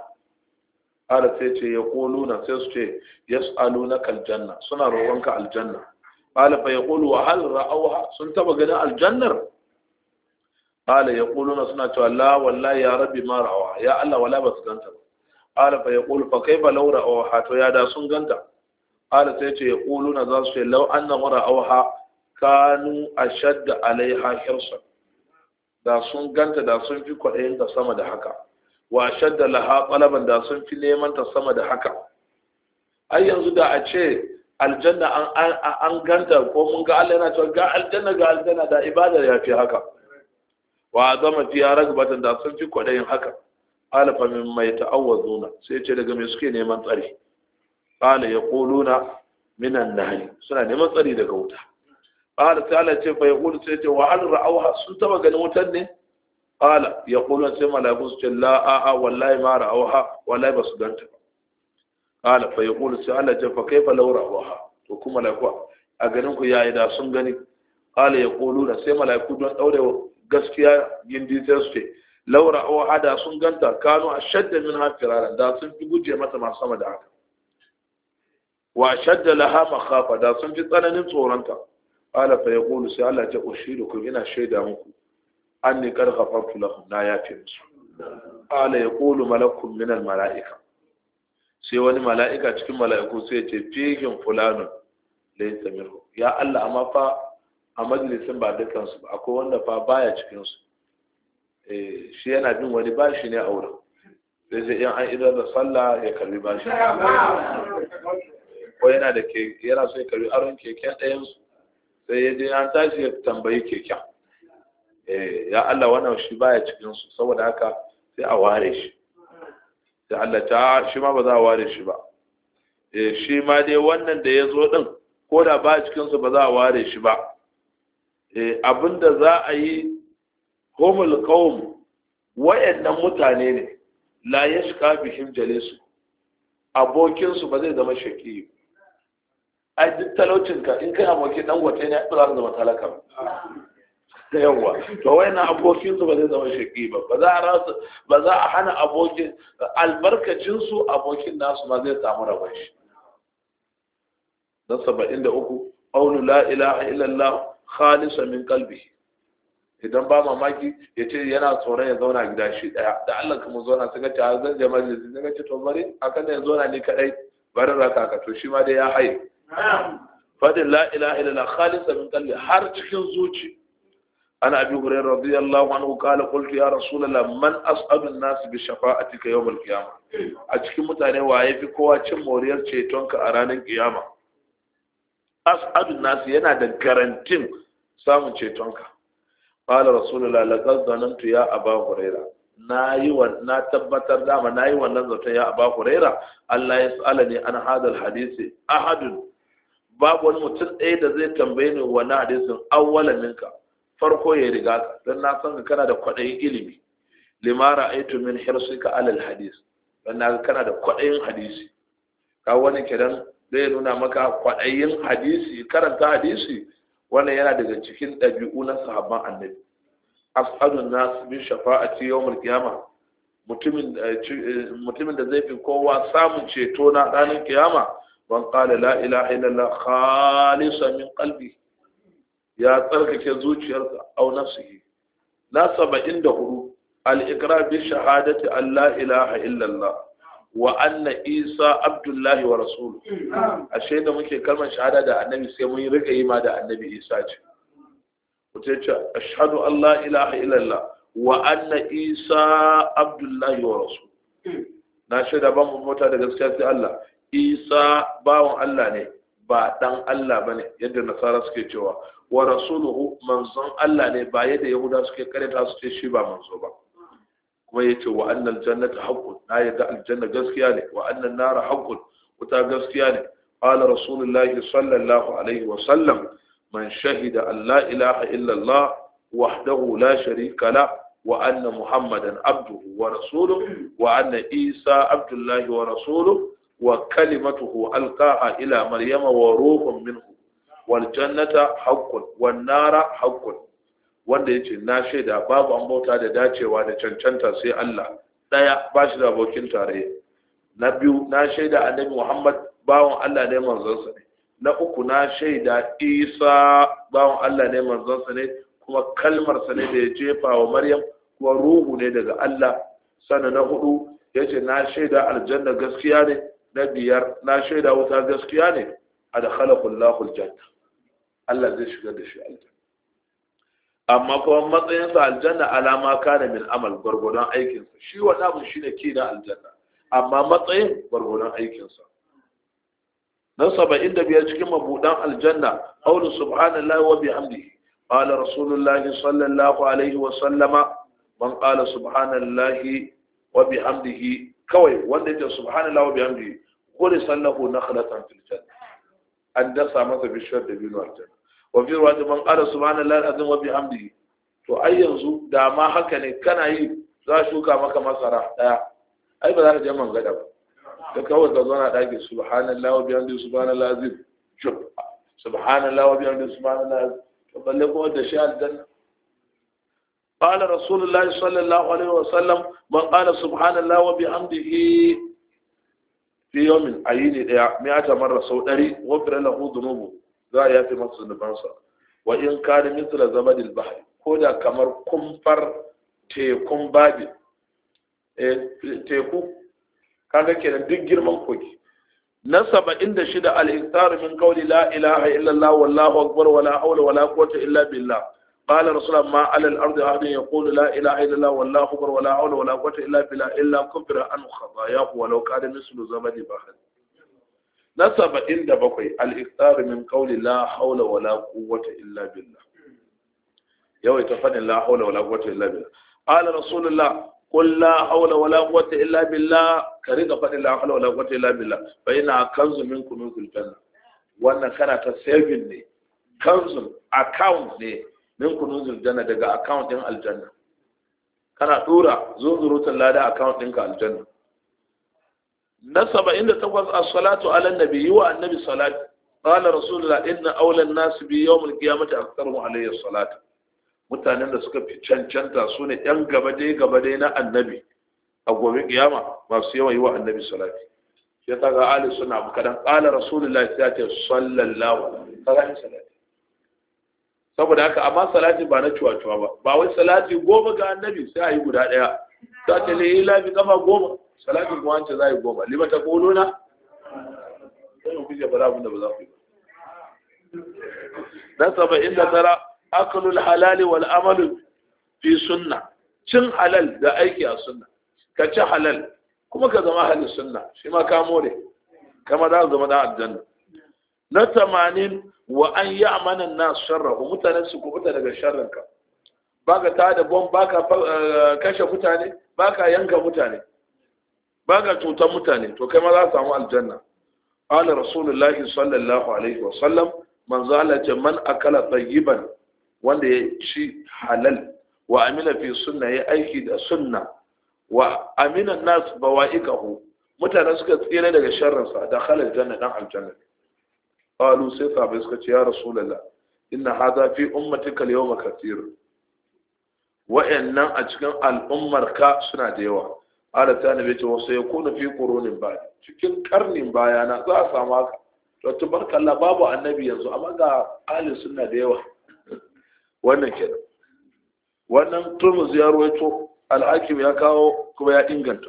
ala sai ce ya kuluna sai su ce yas'aluna kal janna suna roƙonka aljanna qala fa yaqulu wa hal ra'awha sun taba ganin aljannar qala yaquluna suna cewa la wallahi ya rabbi ma ra'awha ya Allah wala basu ganta ba qala fa yaqulu fa kaifa law ra'awha to ya da sun ganta qala sai ce yaquluna za su ce lau law anna ra'awha kanu a ashadda alaiha hirsa da sun ganta da sun fi kwaɗayin ta sama da haka wa shadda laha talaban da sun fi neman ta sama da haka ai yanzu da a ce aljanna an an ganta ko mun ga Allah yana cewa ga aljanna ga aljanna da ibada ya fi haka wa zama fiya ragbatan da sun fi kwadayin haka alafa min mai ta'awwazuna sai ce daga me suke neman tsari qala yaquluna minan nahi suna neman tsari daga wuta qala ta'ala ce fa yaqulu sai ce wa an ra'awha sun taba ganin wutan ne ya yaqulu sai malaiku su ce la a a wallahi ma ra'awha wallahi su ganta qala fa yaqulu sai Allah ce fa kaifa wa ra'awha to kuma malaiku a ganin ku yayi da sun gani ya yaqulu da sai malaiku don daure gaskiya yin sai su ce law ra'awha da sun ganta kanu shadda min hafirara da sun fi guje mata ma sama da haka wa shadda laha makhafa da sun fi tsananin tsoronta qala fa yaqulu sai Allah ce ushidukum ina shaida muku anni qad ghafartu lahum na yafe musu ya kulu malakun min al malaika sai wani mala'ika cikin mala'iku sai ce fihin fulano laysa minhu ya Allah amma fa a majalisin ba dukkan su ba akwai wanda fa baya cikin su eh shi yana bin wani bashi ne a wurin sai sai in an idar da sallah ya karbi bashi ko yana da ke yana so ya karbi aron keken ɗayan su sai ya je an tashi ya tambayi keken Eh, ya Allah wannan shi baya cikin su saboda haka sai a ware shi sai Allah ta shi ma ba za a ware shi ba eh, shi ma dai wannan da ya zo din ko da ba cikin su ba za a ware shi ba eh, abinda za a yi humul qaum wayannan mutane ne la yashka bihim jalisu abokin su ba zai zama shaki ai duk talaucinka in kai abokin dan wata ne ba za ka zama talaka ba da yawa to na abokin su ba zai zama shaki ba ba za a rasu ba za a hana abokin albarkacin su abokin nasu ma zai samu rabon shi da uku, aunu la ilaha illallah Khalisa min kalbi idan ba mamaki ya ce yana tsoron ya zauna gida shi daya da Allah kuma zauna suka ga a zan je majalisi suka ce to bari kan da ya zauna ni kadai bari raka ka to shi ma dai ya haye fadin la ilaha illallah Khalisa min kalbi har cikin zuci أنا أبي هريرة رضي الله عنه قال قلت يا رسول الله من أسعد الناس بشفاعتك يوم mutane أتكي fi kowa cin moriyar cetonka a ranar kiyama أسعد الناس yana da garantin samun cetonka qala rasulullah laqad zanantu ya aba huraira nayi wa na tabbatar dama nayi wannan zaton ya aba huraira Allah ya sala ne an hadal hadisi ahadun babu wani mutum ɗaya da zai tambaye ni wani hadisin awwalan ninka. farko ya riga don na san kana da kwaɗayin ilimi limara aitu min hirsika alal hadis don na kana da kwaɗayin hadisi ka wani kiran zai nuna maka kwaɗayin hadisi karanta hadisi wannan yana daga cikin ɗabi'u na sahabban annabi as'adun nas min shafa'ati yawmul qiyamah mutumin eh, eh, mutumin da zai fi kowa samun ceto na ranar kiyama ban qala la ilaha illallah khalisan min qalbi ya tsarkake zuciyarsa au nafsihi na saba'in da hudu al'ikra bi shahadati Allah ilaha illallah wa anna isa abdullahi wa rasulu ashe da muke kalmar shahada da annabi sai mun rika yi ma da annabi isa ce mutum ce a ashhadu Allah ilaha illallah wa anna isa abdullahi wa rasulu na shaida ban mu mota da gaskiya sai Allah isa bawan Allah ne ba dan Allah bane yadda nasara suke cewa wa rasuluhu manzon Allah ne ba yadda yahuda suke karanta su ce shi ba manzo ba kuma yace wa annal jannata haqqun na yadda aljanna gaskiya ne wa annan nara haqqun wuta gaskiya ne qala rasulullahi sallallahu alaihi wa sallam man shahida an la ilaha illa allah wahdahu la sharika la wa anna muhammadan abduhu wa rasuluhu wa anna isa abdullahi wa rasuluhu wa وكلمته ila إلى wa ruhun منه wal jannata haqqun wan nara haqqun wanda yace na shaida babu an bauta da dacewa da cancanta sai Allah daya ba shi da abokin tare. na biyu na shaida annabi Muhammad bawon Allah ne sa ne na uku na shaida Isa bawon Allah ne sa ne kuma kalmarsa ne da ya jefa wa Maryam kuma ruhu ne daga Allah sannan na hudu yace na shaida aljanna gaskiya ne na biyar na shaida wuta gaskiya ne adkhalahu Allahu aljanna Allah zai shigar da shi aljanna amma kuma matsayinsa aljanna alama kana min amal gwargwadon aikinsa shi wa abu shi ne ke na aljanna amma matsayin gwargwadon aikinsa Dan saba'in da biyar cikin mabudan aljanna aulu subhanallahi wa bihamdihi qala rasulullahi sallallahu alaihi wa sallama man qala subhanallahi wa bihamdihi kawai wanda yake subhanallahi wa bihamdihi qul sallahu nakhlatan fil janna an dasa masa bishar da binu aljanna wa fi ruwa man qala subhanallahi alazim wabi Hamdi. to ai yanzu da ma haka ne kana yi za shuka maka masara daya ai ba za ka je man gada ba da kawai ka zauna daki subhanallahi wa bihamdihi subhanallahi alazim chuk subhanallahi wa bihamdihi subhanallahi alazim to balle ko da shi aljanna قال رسول الله صلى الله عليه وسلم من قال سبحان الله وبحمده في يوم عيد مئة مرة سودري وفر له ذنوبه za a yafe masu zunubansa wa in kana mithla zabadil bahri ko da kamar kumfar tekun babi eh, teku kaga kenan duk girman kogi na saba'in da shida al-iktar min qawli la ilaha illa wallahu akbar wala hawla wala quwwata illa billah قال رسول الله ما على الأرض أحد يقول لا na saba'in da bakwai al'iktar min kauli la haula wala la quwwata illa billah yawai ta faɗin la haula wala la quwwata illa billah ala rasulullah kun la haula wala la quwwata illa billah ka riga faɗin la haula wala la quwwata illa billah Ba ina kanzu minkum min kulfanna wannan kana ta saving ne kanzu account ne min kunuzul janna daga account ɗin aljanna kana dora zunzurutun lada account ɗinka aljanna na 78 as-salatu ala nabi yi wa annabi salati qala rasulullah inna awla an-nas bi yawm al-qiyamati aktharuhum alayhi as-salatu mutanen da suka fi cancanta su ne yan gaba dai gaba dai na annabi a gobe kiyama masu yawan yi wa annabi salati ya ta ga ali suna bukadan Ƙala rasulullah ya ce sallallahu alaihi wasallam saboda haka amma salati ba na cuwa-cuwa ba ba wai salati goma ga annabi sai a yi guda ɗaya ta ce ne yi lafi kafa goma salatin kuma wance za a yi goma lima ta kolo na sai ku kuje bara abin da ba za ku yi ba. na saba'in da tara akalul halali wal amalu fi sunna cin halal da aiki a sunna ka ci halal kuma ka zama halin sunna shi ma ka more kama za zama da aljanna na tamanin wa an yi amanan na sharrahu mutane su kubuta daga sharranka ba ka da bom ba ka eh, kashe mutane ba ka yanka mutane ba ka cutar mutane to kai ma za samu aljanna ala rasulullahi sallallahu alaihi wa sallam man zala ce man akala tayyiban wanda ya ci halal wa amila fi sunna ya aiki da sunna wa amina nas bawaikahu mutane suka tsira daga sharrinsa da halal janna dan aljanna qalu sai sahabbai suka ce ya rasulullah inna hadha fi ummatika al-yawma kathir wa'annan a cikin al'ummarka suna da yawa ala ta nabi ce wasu ya kuna fi koronin ba cikin karnin baya na za a samu haka to tubarkalla babu annabi yanzu amma ga ahlin suna da yawa wannan ke wannan turmus ya ruwaito al'akim ya kawo kuma ya inganta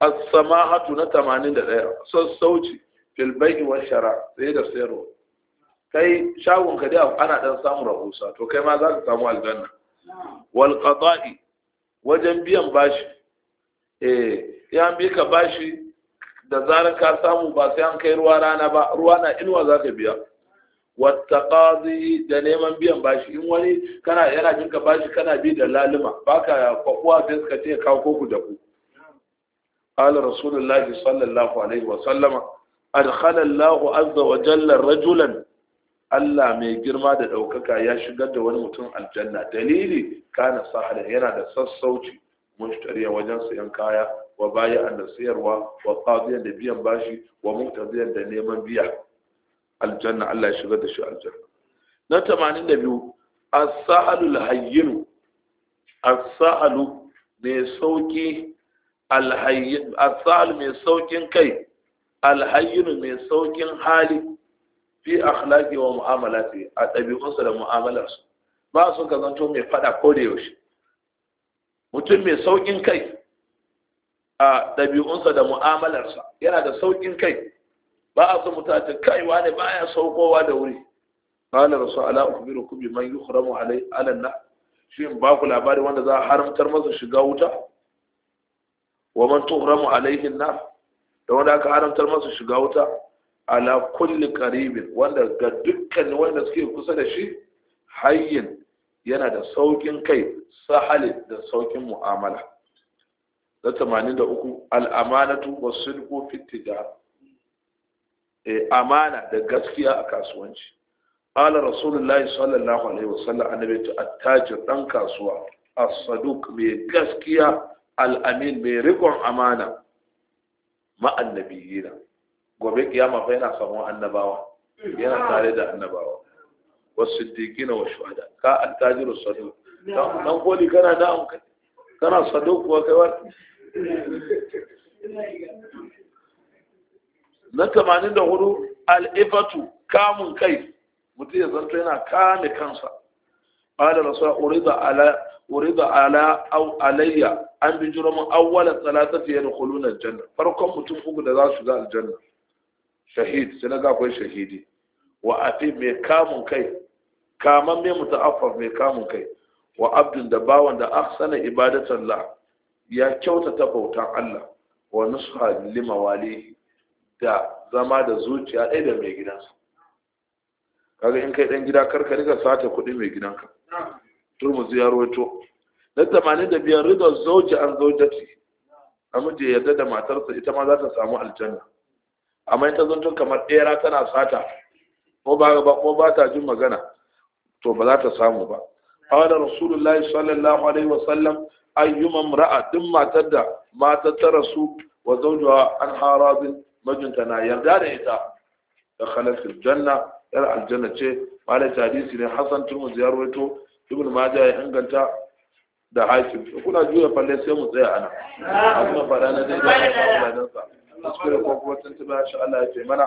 as-samahatu na 81 sassauci fil bai'i wa shara sai da sayarwa kai shagon ka dai ana dan samu rahusa to kai ma za ka samu aljanna wal qada'i wajen biyan bashi eh ya bika bashi da zarar ka samu ba sai an kai ruwa rana ba ruwa na inuwa za ka biya wata ƙazi da neman biyan bashi in wani kana yana jin ka bashi kana bi da lalima ba ka kwakuwa sai suka ce kawo ku da ku ala rasulullahi sallallahu alaihi wa sallama adkhala azza wa jalla rajulan Allah mai girma da ɗaukaka ya shigar da wani mutum aljanna dalili kana sahala yana da sassauci mushtari wajen sayan kaya wa baya da sayarwa wa qadiyan da biyan bashi wa muqtadiyan da neman biya aljanna Allah ya shigar da shi aljanna na 82 as-sa'alul hayyin as-sa'alu ne sauki al as-sa'al mai saukin kai al-hayyin mai saukin hali fi akhlaqi wa mu'amalati a dabi'unsa da mu'amalarsa ba su ka zanto mai fada ko da yaushe mutum mai saukin kai a ɗabi'unsa da mu'amalarsa yana da saukin kai ba a su mutata kaiwa ne baya saukowa da wuri qala rasu ala ukhbirukum biman yuhramu alai alanna shin ba ku labari wanda za a haramtar masa shiga wuta wa man tuhramu alaihi na da wanda aka haramtar masa shiga wuta ala kulli qaribin wanda ga dukkan wanda suke kusa da shi hayyin yana da saukin kai sahali da saukin mu'amala da 83 al'amanatu wasu sulhu fi tijara eh amana da gaskiya a kasuwanci qala rasulullahi sallallahu alaihi wasallam annabi ta attajir dan kasuwa as-saduq mai gaskiya al-amin mai rikon amana ma annabiyina gobe kiyama fa yana samu annabawa yana tare da annabawa Wasu Ka والصديقين والشهداء كا التاجر da نقول كنا نعم كنا kai وكوار na tamanin da hudu al'ifatu kamun kai mutum ya zanto yana kame kansa ƙada rasuwa urida ala au alayya an bi jiramin awwala talata fiye da kulunan janna farkon mutum uku da za su ga aljanna shahid sai na akwai shahidi wa afi mai kamun kai kaman mai afa mai kamun kai wa abdun da bawan da ahsana ibadatan la ya kyautata bautan Allah wa nusha limawali da zama da zuciya dai da mai gidansa kaga in kai ɗan gida karka riga sata kuɗi mai gidanka turmuzi ya rawaito da biyan rigar zauji an zaujati namiji ya yadda da matarsa ita ma za ta samu aljanna amma ita zonto kamar ɗera tana sata ko ba ko ba ta jin magana to ba za ta samu ba qala rasulullahi sallallahu alaihi wasallam ayyuma imra'a din matar da matar ta rasu wa zawjuha an harabin mijinta na yarda da ita da khalafil janna yar aljanna ce malai hadisi ne hasan turmu ziyarwaito ibnu majah ya inganta da haifin kuna juya falle sai mu tsaya ana a kuma faɗa na daidai a kuma faɗa nan sa kuskure ko kuma tuntuna shi Allah ya ce mana